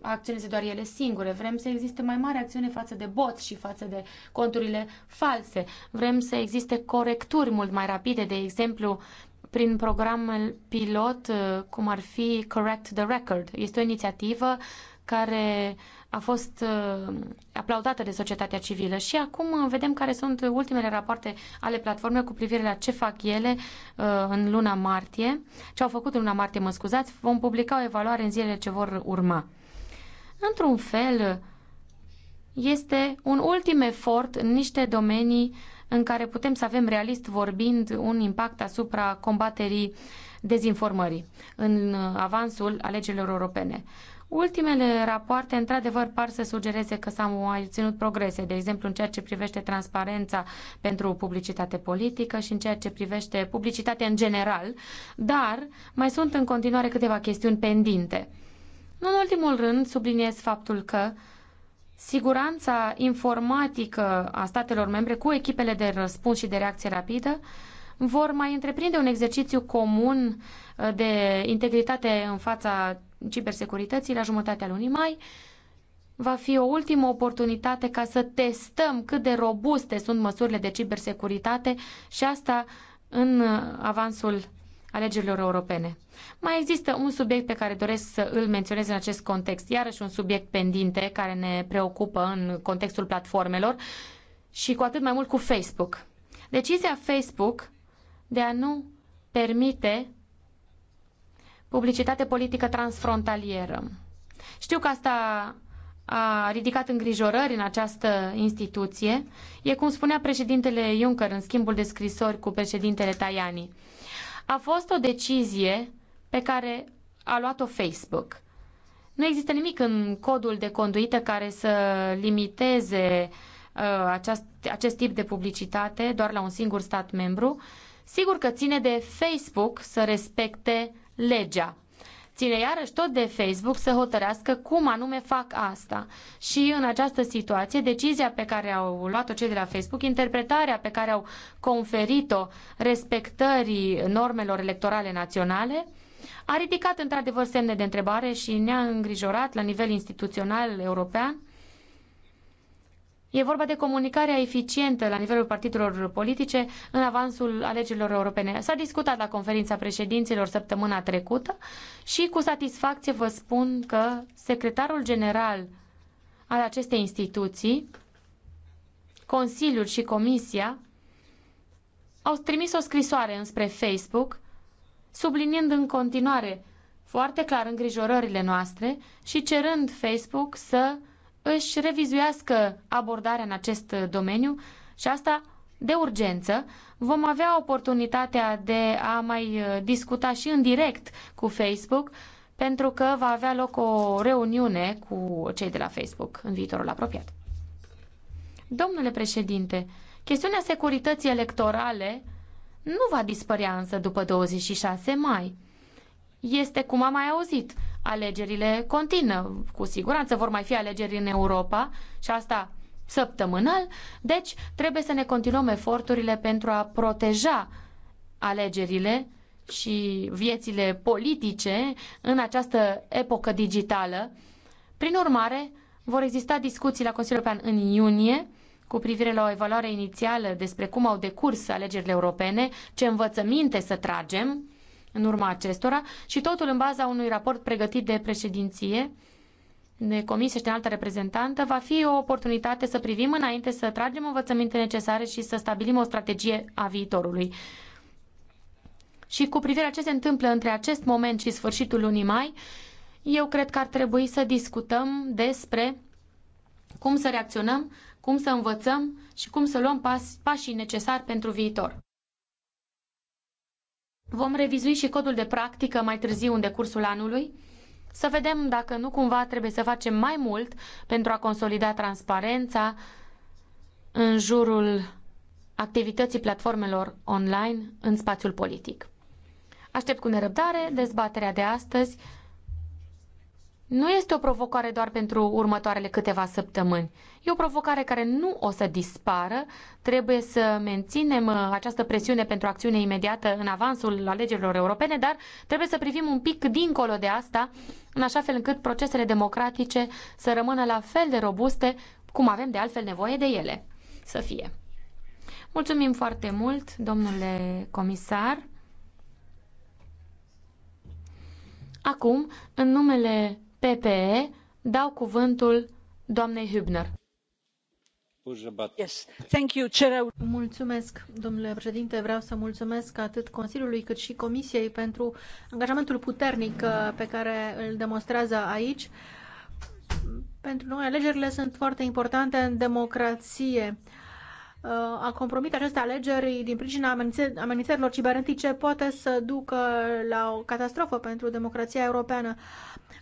acționeze doar ele singure. Vrem să existe mai mare acțiune față de bot și față de conturile false. Vrem să existe corecturi mult mai rapide, de exemplu, prin programul pilot, uh, cum ar fi Correct the Record. Este o inițiativă care a fost uh, aplaudată de societatea civilă și acum uh, vedem care sunt ultimele rapoarte ale platformei cu privire la ce fac ele în luna martie, ce au făcut în luna martie, mă scuzați, vom publica o evaluare în zilele ce vor urma. Într-un fel, este un ultim efort în niște domenii în care putem să avem realist vorbind un impact asupra combaterii dezinformării în avansul alegerilor europene. Ultimele rapoarte, într-adevăr, par să sugereze că s-au mai ținut progrese, de exemplu, în ceea ce privește transparența pentru publicitate politică și în ceea ce privește publicitatea în general, dar mai sunt în continuare câteva chestiuni pendinte. Nu în ultimul rând, subliniez faptul că siguranța informatică a statelor membre cu echipele de răspuns și de reacție rapidă vor mai întreprinde un exercițiu comun uh, de integritate în fața cibersecurității la jumătatea lunii mai. Va fi o ultimă oportunitate ca să testăm cât de robuste sunt măsurile de cibersecuritate și asta în uh, avansul alegerilor europene. Mai există un subiect pe care doresc să îl menționez în acest context, iarăși un subiect pendinte care ne preocupă în contextul platformelor și cu atât mai mult cu Facebook. Decizia Facebook de a nu permite publicitate politică transfrontalieră. Știu că asta a ridicat îngrijorări în această instituție e, cum spunea președintele Juncker în schimbul de scrisori cu președintele Tajani a fost o decizie pe care a luat-o Facebook. Nu există nimic în codul de conduită care să limiteze uh, aceast, acest tip de publicitate doar la un singur stat membru. Sigur că ține de Facebook să respecte legea. Ține iarăși tot de Facebook să hotărească cum anume fac asta. Și în această situație, decizia pe care au luat-o cei de la Facebook, interpretarea pe care au conferit-o respectării normelor electorale naționale, a ridicat într-adevăr semne de întrebare și ne-a îngrijorat la nivel instituțional european E vorba de comunicarea eficientă la nivelul partidelor politice în avansul alegerilor europene. S-a discutat la conferința președinților săptămâna trecută și cu satisfacție vă spun că secretarul general al acestei instituții, Consiliul și Comisia au trimis o scrisoare înspre Facebook, subliniind în continuare foarte clar îngrijorările noastre și cerând Facebook să își revizuiască abordarea în acest domeniu și asta de urgență. Vom avea oportunitatea de a mai uh, discuta și în direct cu Facebook pentru că va avea loc o reuniune cu cei de la Facebook în viitorul apropiat. Domnule președinte, chestiunea securității electorale nu va dispărea însă după 26 mai. Este cum am mai auzit, alegerile continuă. Cu siguranță vor mai fi alegeri în Europa și asta săptămânal, deci trebuie să ne continuăm eforturile pentru a proteja alegerile și viețile politice în această epocă digitală. Prin urmare, vor exista discuții la Consiliul European în iunie cu privire la o evaluare inițială despre cum au decurs alegerile europene, ce învățăminte să tragem în urma acestora și totul în baza unui raport pregătit de președinție, de comisie și de altă reprezentantă, va fi o oportunitate să privim înainte, să tragem învățăminte necesare și să stabilim o strategie a viitorului. Și cu privire la ce se întâmplă între acest moment și sfârșitul lunii mai, eu cred că ar trebui să discutăm despre cum să reacționăm, cum să învățăm și cum să luăm pas, pașii necesari pentru viitor. Vom revizui și codul de practică mai târziu în decursul anului, să vedem dacă nu cumva trebuie să facem mai mult pentru a consolida transparența în jurul activității platformelor online în spațiul politic. Aștept cu nerăbdare dezbaterea de astăzi nu este o provocare doar pentru următoarele câteva săptămâni. E o provocare care nu o să dispară. Trebuie să menținem uh, această presiune pentru acțiune imediată în avansul alegerilor europene, dar trebuie să privim un pic dincolo de asta, în așa fel încât procesele democratice să rămână la fel de robuste cum avem de altfel nevoie de ele să fie. Mulțumim foarte mult, domnule comisar. Acum, în numele PPE, dau cuvântul doamnei Hübner. Yes. Thank you, mulțumesc, domnule președinte vreau să mulțumesc atât consiliului cât și comisiei pentru angajamentul puternic uh, pe care îl demonstrează aici. pentru noi alegerile sunt foarte importante în democrație a compromite aceste alegeri din pricina amenințărilor cibernetice poate să ducă la o catastrofă pentru democrația europeană.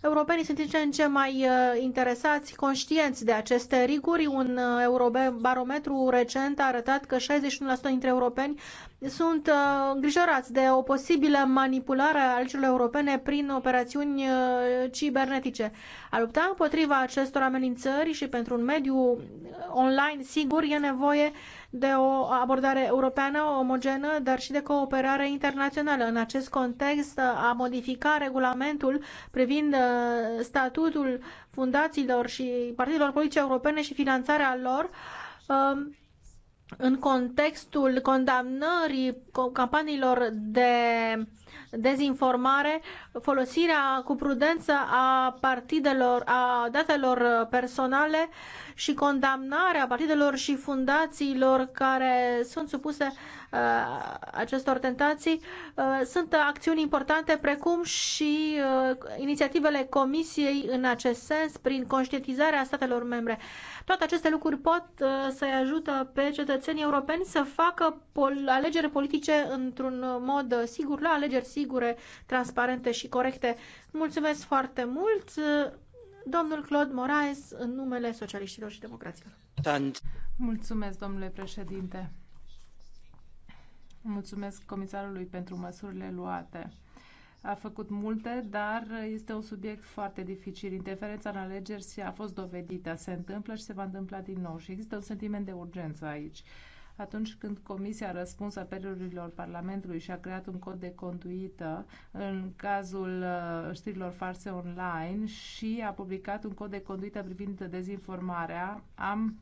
Europenii sunt din ce în ce mai uh, interesați, conștienți de aceste riguri. Un uh, eurobarometru recent a arătat că 61% dintre europeni sunt uh, îngrijorați de o posibilă manipulare a alegerilor europene prin operațiuni cibernetice. A lupta împotriva acestor amenințări și pentru un mediu online sigur e nevoie de o abordare europeană omogenă, dar și de cooperare internațională. În acest context, a modifica regulamentul privind uh, statutul fundațiilor și partidelor politice europene și finanțarea lor um, în contextul condamnării campaniilor de dezinformare folosirea cu prudență a partidelor, a datelor personale și condamnarea partidelor și fundațiilor care sunt supuse uh, acestor tentații uh, sunt acțiuni importante precum și uh, inițiativele Comisiei în acest sens prin conștientizarea statelor membre. Toate aceste lucruri pot să-i ajută pe cetățenii europeni să facă pol- alegeri politice într-un mod sigur, la alegeri sigure, transparente și și corecte. Mulțumesc foarte mult, domnul Claude Moraes, în numele socialiștilor și democraților. Mulțumesc, domnule președinte. Mulțumesc comisarului pentru măsurile luate. A făcut multe, dar este un subiect foarte dificil. Interferența în alegeri a fost dovedită, se întâmplă și se va întâmpla din nou și există un sentiment de urgență aici atunci când Comisia a răspuns apelurilor Parlamentului și a creat un cod de conduită în cazul uh, știrilor false online și a publicat un cod de conduită privind dezinformarea, am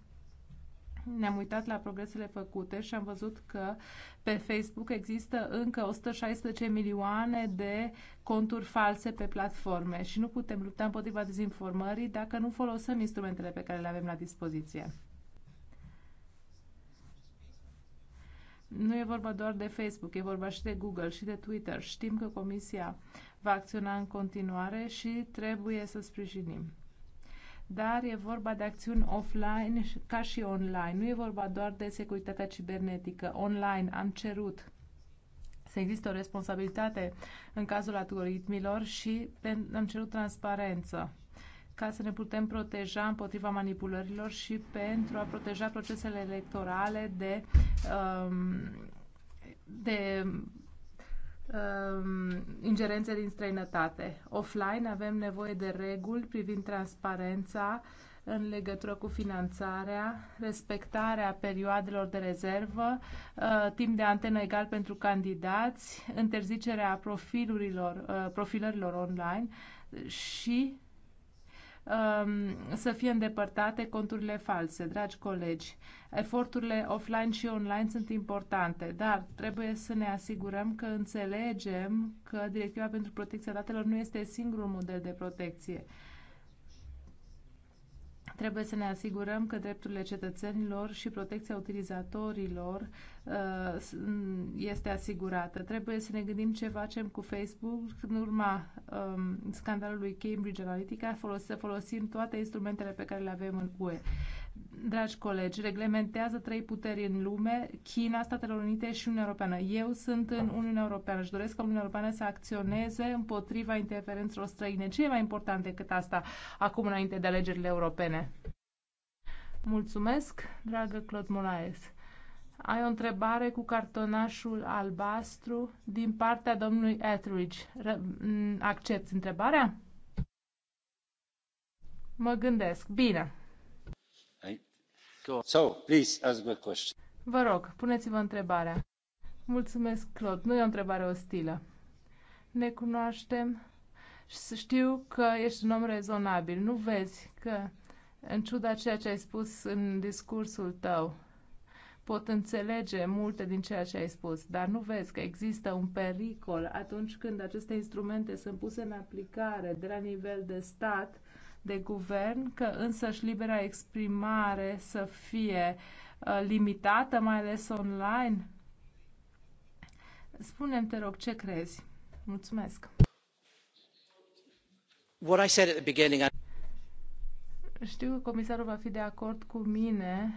ne-am uitat la progresele făcute și am văzut că pe Facebook există încă 116 milioane de conturi false pe platforme și nu putem lupta împotriva dezinformării dacă nu folosim instrumentele pe care le avem la dispoziție. Nu e vorba doar de Facebook, e vorba și de Google și de Twitter. Știm că Comisia va acționa în continuare și trebuie să sprijinim. Dar e vorba de acțiuni offline ca și online. Nu e vorba doar de securitatea cibernetică. Online am cerut să există o responsabilitate în cazul algoritmilor și am cerut transparență ca să ne putem proteja împotriva manipulărilor și pentru a proteja procesele electorale de, um, de um, ingerențe din străinătate. Offline avem nevoie de reguli privind transparența în legătură cu finanțarea, respectarea perioadelor de rezervă, uh, timp de antenă egal pentru candidați, interzicerea profilurilor, uh, profilărilor online și Um, să fie îndepărtate conturile false. Dragi colegi, eforturile offline și online sunt importante, dar trebuie să ne asigurăm că înțelegem că Directiva pentru Protecția Datelor nu este singurul model de protecție. Trebuie să ne asigurăm că drepturile cetățenilor și protecția utilizatorilor uh, este asigurată. Trebuie să ne gândim ce facem cu Facebook în urma um, scandalului Cambridge Analytica, folos să folosim toate instrumentele pe care le avem în UE dragi colegi, reglementează trei puteri în lume, China, Statele Unite și Uniunea Europeană. Eu sunt în Uniunea Europeană și doresc ca Uniunea Europeană să acționeze împotriva interferențelor străine. Ce e mai important decât asta acum înainte de alegerile europene? Mulțumesc, dragă Claude Moraes. Ai o întrebare cu cartonașul albastru din partea domnului Etheridge. Accepti întrebarea? Mă gândesc. Bine. Vă rog, puneți-vă întrebarea. Mulțumesc, Claude. Nu e o întrebare ostilă. Ne cunoaștem și știu că ești un om rezonabil. Nu vezi că, în ciuda ceea ce ai spus în discursul tău, pot înțelege multe din ceea ce ai spus, dar nu vezi că există un pericol atunci când aceste instrumente sunt puse în aplicare de la nivel de stat de guvern, că însăși libera exprimare să fie uh, limitată, mai ales online? Spune-mi, te rog, ce crezi? Mulțumesc! What I said at the beginning, I... Știu că comisarul va fi de acord cu mine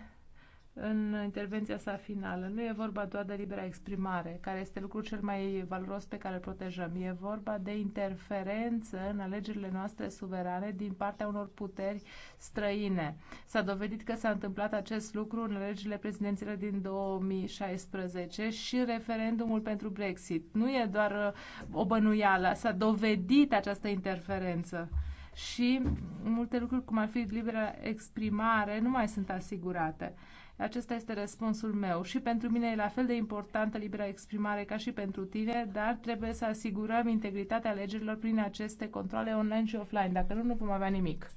în intervenția sa finală. Nu e vorba doar de libera exprimare, care este lucrul cel mai valoros pe care îl protejăm. E vorba de interferență în alegerile noastre suverane din partea unor puteri străine. S-a dovedit că s-a întâmplat acest lucru în alegerile prezidențiale din 2016 și referendumul pentru Brexit. Nu e doar uh, o bănuială, s-a dovedit această interferență și multe lucruri, cum ar fi libera exprimare, nu mai sunt asigurate. Acesta este răspunsul meu. Și pentru mine e la fel de importantă libera exprimare ca și pentru tine, dar trebuie să asigurăm integritatea alegerilor prin aceste controle online și offline. Dacă nu, nu vom avea nimic.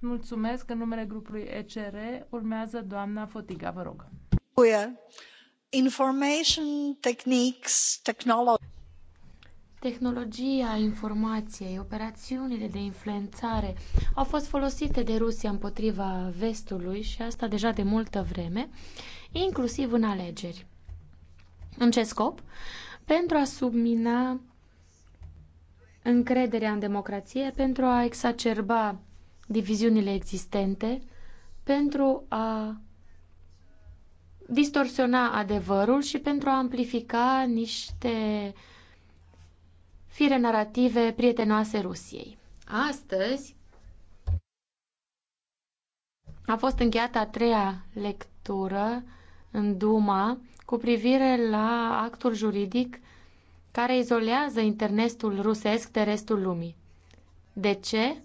Mulțumesc. În numele grupului ECR urmează doamna Fotiga, vă rog. Information techniques, technology tehnologia informației operațiunile de influențare au fost folosite de rusia împotriva vestului și asta deja de multă vreme inclusiv în alegeri. În ce scop? Pentru a submina încrederea în democrație, pentru a exacerba diviziunile existente, pentru a distorsiona adevărul și pentru a amplifica niște uh, fire narrative prietenoase Rusiei. Astăzi a fost încheiată a treia lectură în Duma cu privire la actul juridic care izolează internetul rusesc de restul lumii. De ce?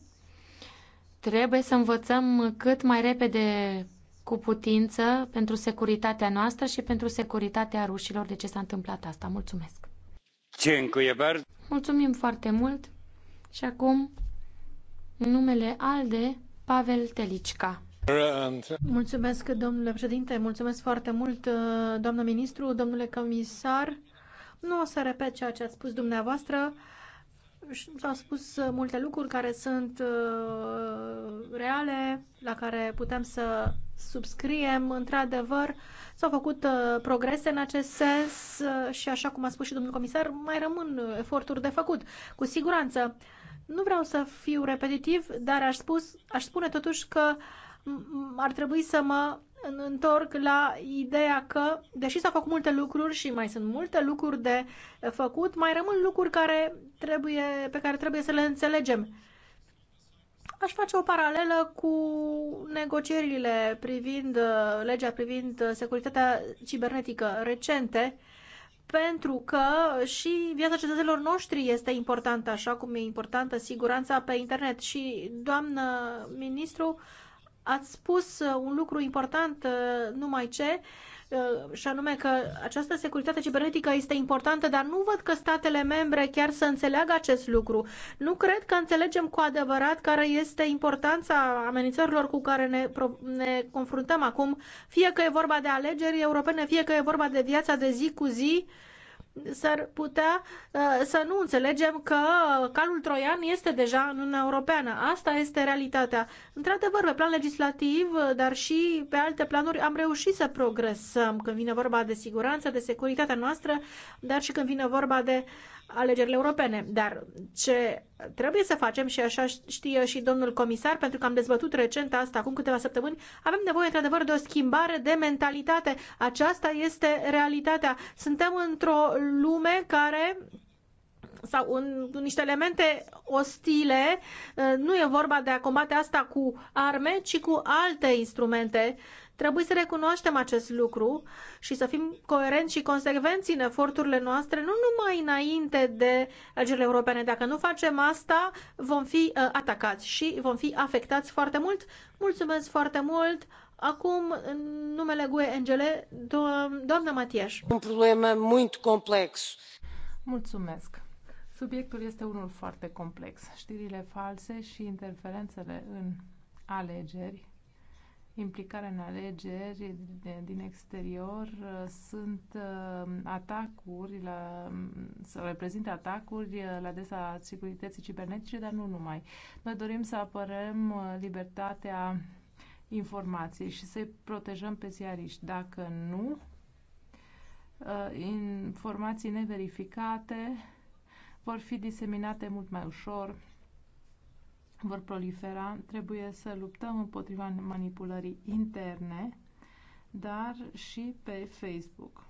Trebuie să învățăm cât mai repede cu putință pentru securitatea noastră și pentru securitatea rușilor de ce s-a întâmplat asta. Mulțumesc! Mulțumim foarte mult și acum numele ALDE, Pavel Telicca. Mulțumesc, domnule președinte, mulțumesc foarte mult, doamnă ministru, domnule comisar. Nu o să repet ceea ce ați spus dumneavoastră. S-au spus multe lucruri care sunt uh, reale, la care putem să subscriem. Într-adevăr, S-au făcut uh, progrese în acest sens uh, și, așa cum a spus și domnul comisar, mai rămân uh, eforturi de făcut. Cu siguranță, nu vreau să fiu repetitiv, dar aș, spus, aș spune totuși că ar trebui să mă întorc la ideea că, deși s-au făcut multe lucruri și mai sunt multe lucruri de făcut, mai rămân lucruri care trebuie, pe care trebuie să le înțelegem Aș face o paralelă cu negocierile privind uh, legea privind uh, securitatea cibernetică recente, pentru că și viața cetățenilor noștri este importantă, așa cum e importantă siguranța pe internet. Și, doamnă ministru, ați spus uh, un lucru important, numai ce, Uh, și anume că această securitate cibernetică este importantă, dar nu văd că statele membre chiar să înțeleagă acest lucru. Nu cred că înțelegem cu adevărat care este importanța amenințărilor cu care ne, ne confruntăm acum, fie că e vorba de alegeri europene, fie că e vorba de viața de zi cu zi uh, s-ar putea uh, să nu înțelegem că calul troian este deja în Uniunea Europeană. Asta este realitatea. Într-adevăr, pe plan legislativ, uh, dar și pe alte planuri, am reușit să progresăm când vine vorba de siguranță, de securitatea noastră, dar și când vine vorba de alegerile europene. Dar ce trebuie să facem, și așa știe și domnul comisar, pentru că am dezbătut recent asta acum câteva săptămâni, avem nevoie într-adevăr de o schimbare de mentalitate. Aceasta este realitatea. Suntem într-o lume care sau în, niște elemente ostile, nu e vorba de a combate asta cu arme, ci cu alte instrumente uh, Trebuie să recunoaștem acest lucru și să fim coerenți și consecvenți în eforturile noastre, nu numai înainte de legile europene. Dacă nu facem asta, vom fi uh, atacați și vom fi afectați foarte mult. Mulțumesc foarte mult! Acum, în numele GUE Angele, do doamna Matiaș. Un problem mult complex. Mulțumesc. Subiectul este unul foarte complex. Știrile false și interferențele în alegeri implicarea în alegeri din exterior uh, sunt uh, atacuri, la, mm, sau reprezintă atacuri uh, la adresa securității cibernetice, dar nu numai. Noi dorim să apărăm libertatea informației și să-i protejăm pe ziariști. Dacă nu, informații neverificate vor fi diseminate mult mai ușor vor prolifera, trebuie să luptăm împotriva manipulării interne, dar și pe Facebook.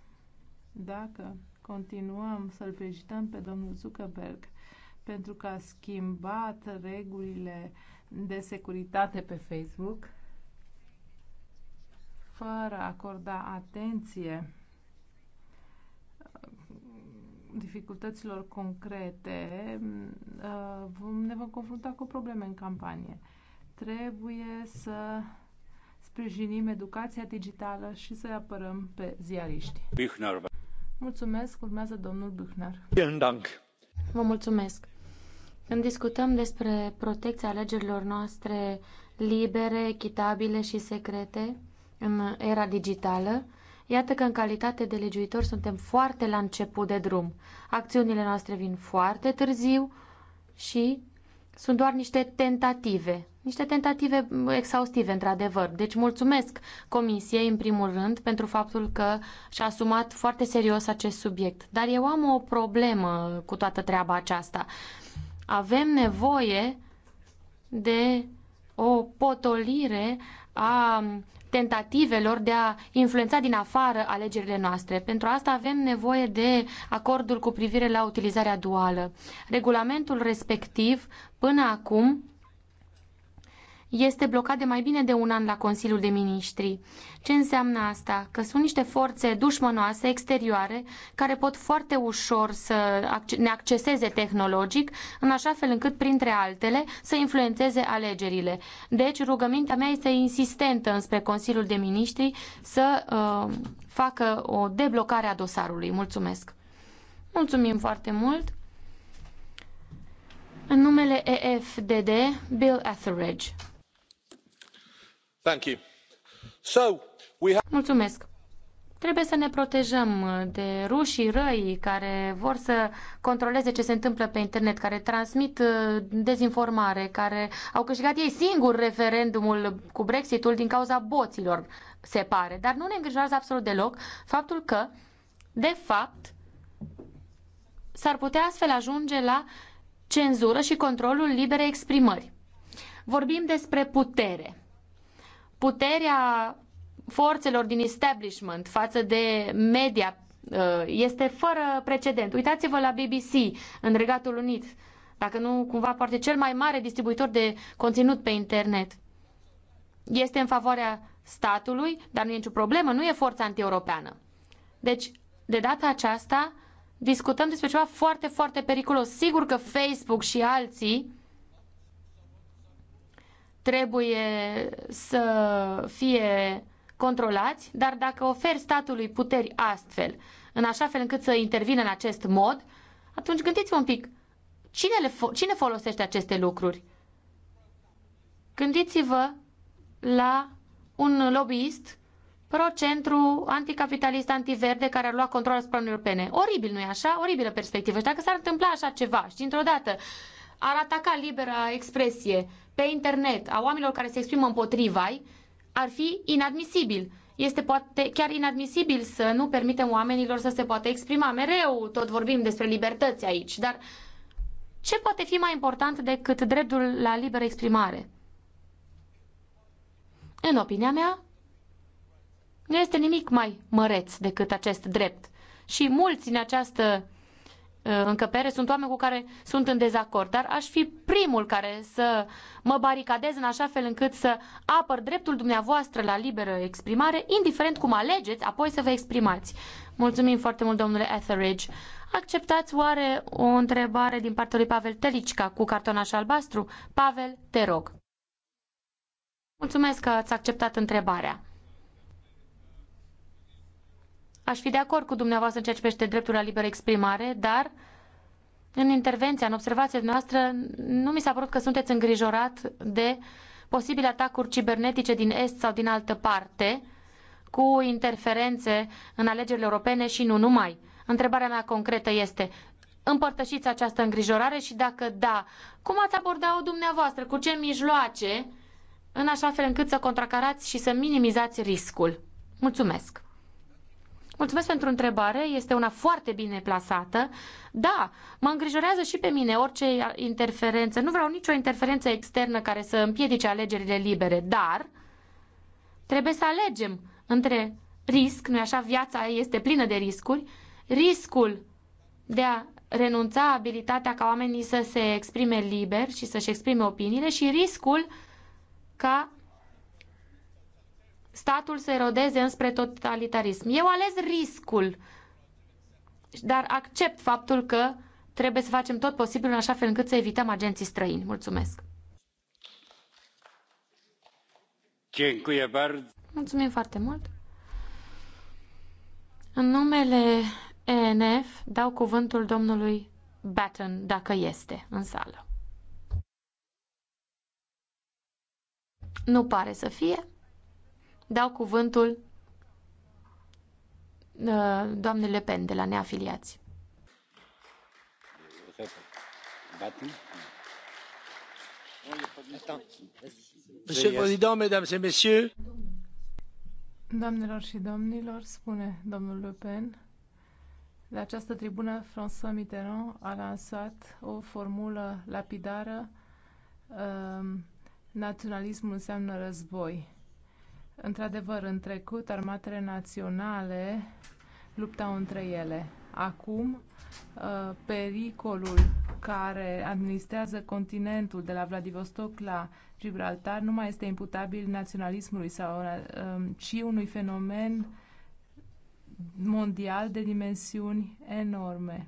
Dacă continuăm să-l felicităm pe domnul Zuckerberg pentru că a schimbat regulile de securitate pe Facebook, fără a acorda atenție dificultăților concrete, uh, ne vom confrunta cu probleme în campanie. Trebuie să sprijinim educația digitală și să-i apărăm pe ziariști. Büchner. Mulțumesc, urmează domnul Büchner. Vă mulțumesc. Când discutăm despre protecția alegerilor noastre libere, echitabile și secrete în era digitală, Iată că în calitate de legiuitori suntem foarte la început de drum. Acțiunile noastre vin foarte târziu și sunt doar niște tentative, niște tentative exhaustive, într-adevăr. Deci mulțumesc Comisiei, în primul rând, pentru faptul că și-a asumat foarte serios acest subiect. Dar eu am o problemă cu toată treaba aceasta. Avem nevoie de o potolire a tentativelor de a influența din afară alegerile noastre. Pentru asta avem nevoie de acordul cu privire la utilizarea duală. Regulamentul respectiv, până acum, este blocat de mai bine de un an la Consiliul de Ministri. Ce înseamnă asta? Că sunt niște forțe dușmănoase exterioare care pot foarte ușor să ne acceseze tehnologic, în așa fel încât, printre altele, să influențeze alegerile. Deci, rugămintea mea este insistentă înspre Consiliul de Ministri să uh, facă o deblocare a dosarului. Mulțumesc! Mulțumim foarte mult! În numele EFDD, Bill Etheridge. Mulțumesc. Trebuie să ne protejăm uh, de rușii răi care vor să controleze ce se întâmplă pe internet, care transmit uh, dezinformare, care au câștigat ei singur referendumul cu Brexitul din cauza boților, se pare. Dar nu ne îngrijorează absolut deloc faptul că, de fapt, s-ar putea astfel ajunge la cenzură și controlul liberei exprimări. Vorbim despre putere puterea forțelor din establishment față de media uh, este fără precedent. Uitați-vă la BBC în Regatul Unit, dacă nu cumva poate cel mai mare distribuitor de conținut pe internet. Este în favoarea statului, dar nu e nicio problemă, nu e forța antieuropeană. Deci, de data aceasta, discutăm despre ceva foarte, foarte periculos. Sigur că Facebook și alții trebuie să fie controlați, dar dacă oferi statului puteri astfel, în așa fel încât să intervină în acest mod, atunci gândiți-vă un pic, cine, le fo- cine folosește aceste lucruri? Gândiți-vă la un lobbyist pro-centru, anticapitalist, antiverde, care ar lua controlul asupra Uniunii Europene. Oribil, nu-i așa? Oribilă perspectivă. Și dacă s-ar întâmpla așa ceva și dintr-o dată ar ataca libera expresie pe internet a oamenilor care se exprimă împotriva ei, ar fi inadmisibil. Este poate chiar inadmisibil să nu permitem oamenilor să se poată exprima. Mereu tot vorbim despre libertăți aici, dar ce poate fi mai important decât dreptul la liberă exprimare? În opinia mea, nu este nimic mai măreț decât acest drept. Și mulți în această Uh, încăpere sunt oameni cu care sunt în dezacord, dar aș fi primul care să mă baricadez în așa fel încât să apăr dreptul dumneavoastră la liberă exprimare, indiferent cum alegeți, apoi să vă exprimați. Mulțumim foarte mult, domnule Etheridge. Acceptați oare o întrebare din partea lui Pavel Telicica cu cartonaș albastru? Pavel, te rog. Mulțumesc că ați acceptat întrebarea. Aș fi de acord cu dumneavoastră în ceea ce privește dreptul la liberă exprimare, dar în intervenția, în observația noastră, nu mi s-a părut că sunteți îngrijorat de posibile atacuri cibernetice din est sau din altă parte, cu interferențe în alegerile europene și nu numai. Întrebarea mea concretă este, împărtășiți această îngrijorare și dacă da, cum ați aborda-o dumneavoastră, cu ce mijloace, în așa fel încât să contracarați și să minimizați riscul? Mulțumesc! Mulțumesc pentru întrebare, este una foarte bine plasată. Da, mă îngrijorează și pe mine orice interferență. Nu vreau nicio interferență externă care să împiedice alegerile libere, dar trebuie să alegem între risc, nu așa, viața este plină de riscuri, riscul de a renunța abilitatea ca oamenii să se exprime liber și să-și exprime opiniile și riscul ca statul se erodeze înspre totalitarism. Eu ales riscul, dar accept faptul că trebuie să facem tot posibilul în așa fel încât să evităm agenții străini. Mulțumesc! Mulțumim foarte mult! În numele ENF dau cuvântul domnului Batten, dacă este în sală. Nu pare să fie. Dau cuvântul uh, doamnei Le Pen de la neafiliați. Doamnelor și domnilor, spune domnul Le Pen, la această tribună François Mitterrand a lansat o formulă lapidară, uh, naționalismul înseamnă război. Într-adevăr, în trecut, armatele naționale luptau între ele. Acum, uh, pericolul care administrează continentul de la Vladivostok la Gibraltar nu mai este imputabil naționalismului, sau, uh, um, ci unui fenomen mondial de dimensiuni enorme.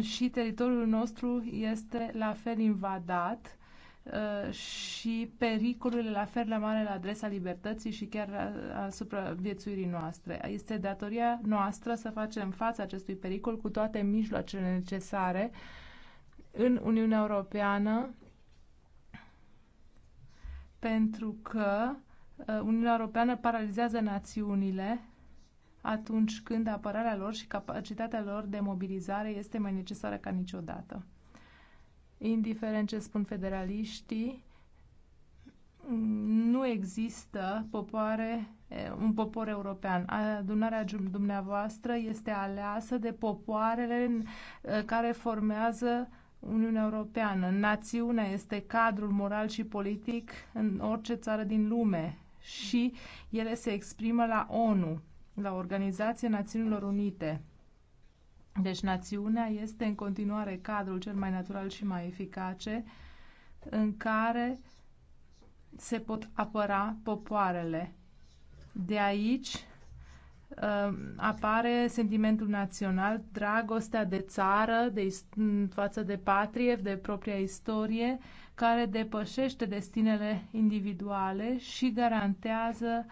Și teritoriul nostru este la fel invadat Uh, și pericolele la fel la mare la adresa libertății și chiar asupra viețuirii noastre. Este datoria noastră să facem față acestui pericol cu toate mijloacele necesare în Uniunea Europeană pentru că uh, Uniunea Europeană paralizează națiunile atunci când apărarea lor și capacitatea lor de mobilizare este mai necesară ca niciodată indiferent ce spun federaliștii, nu există popoare, un popor european. Adunarea dumneavoastră este aleasă de popoarele care formează Uniunea Europeană. Națiunea este cadrul moral și politic în orice țară din lume și ele se exprimă la ONU, la Organizația Națiunilor Unite deci națiunea este în continuare cadrul cel mai natural și mai eficace în care se pot apăra popoarele. De aici uh, apare sentimentul național, dragostea de țară, de față de patrie, de propria istorie, care depășește destinele individuale și garantează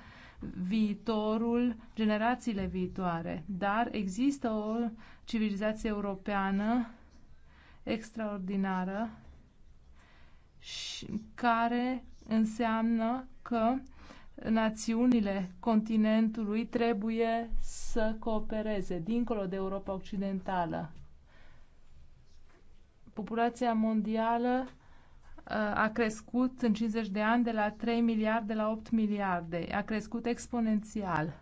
viitorul, generațiile viitoare. Dar există o civilizație europeană extraordinară și care înseamnă că națiunile continentului trebuie să coopereze dincolo de Europa Occidentală. Populația mondială uh, a crescut în 50 de ani de la 3 miliarde la 8 miliarde. A crescut exponențial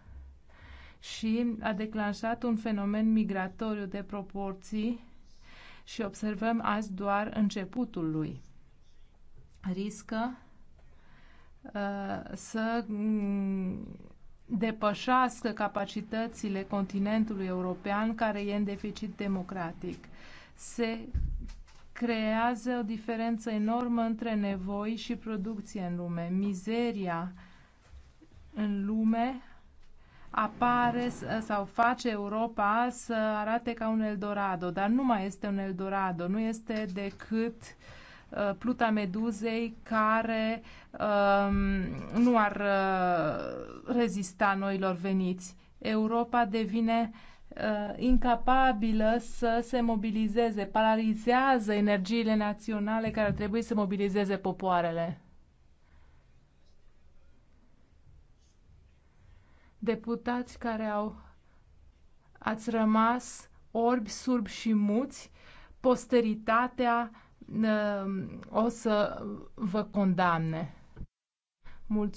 și a declanșat un fenomen migratoriu de proporții și observăm azi doar începutul lui. Riscă uh, să mm, depășească capacitățile continentului european care e în deficit democratic. Se creează o diferență enormă între nevoi și producție în lume. Mizeria în lume apare sau face Europa să arate ca un Eldorado, dar nu mai este un Eldorado, nu este decât uh, pluta meduzei care um, nu ar uh, rezista noilor veniți. Europa devine uh, incapabilă să se mobilizeze, paralizează energiile naționale care ar trebui să mobilizeze popoarele. deputați care au ați rămas orbi, surbi și muți, posteritatea uh, o să vă condamne. Mulțumesc.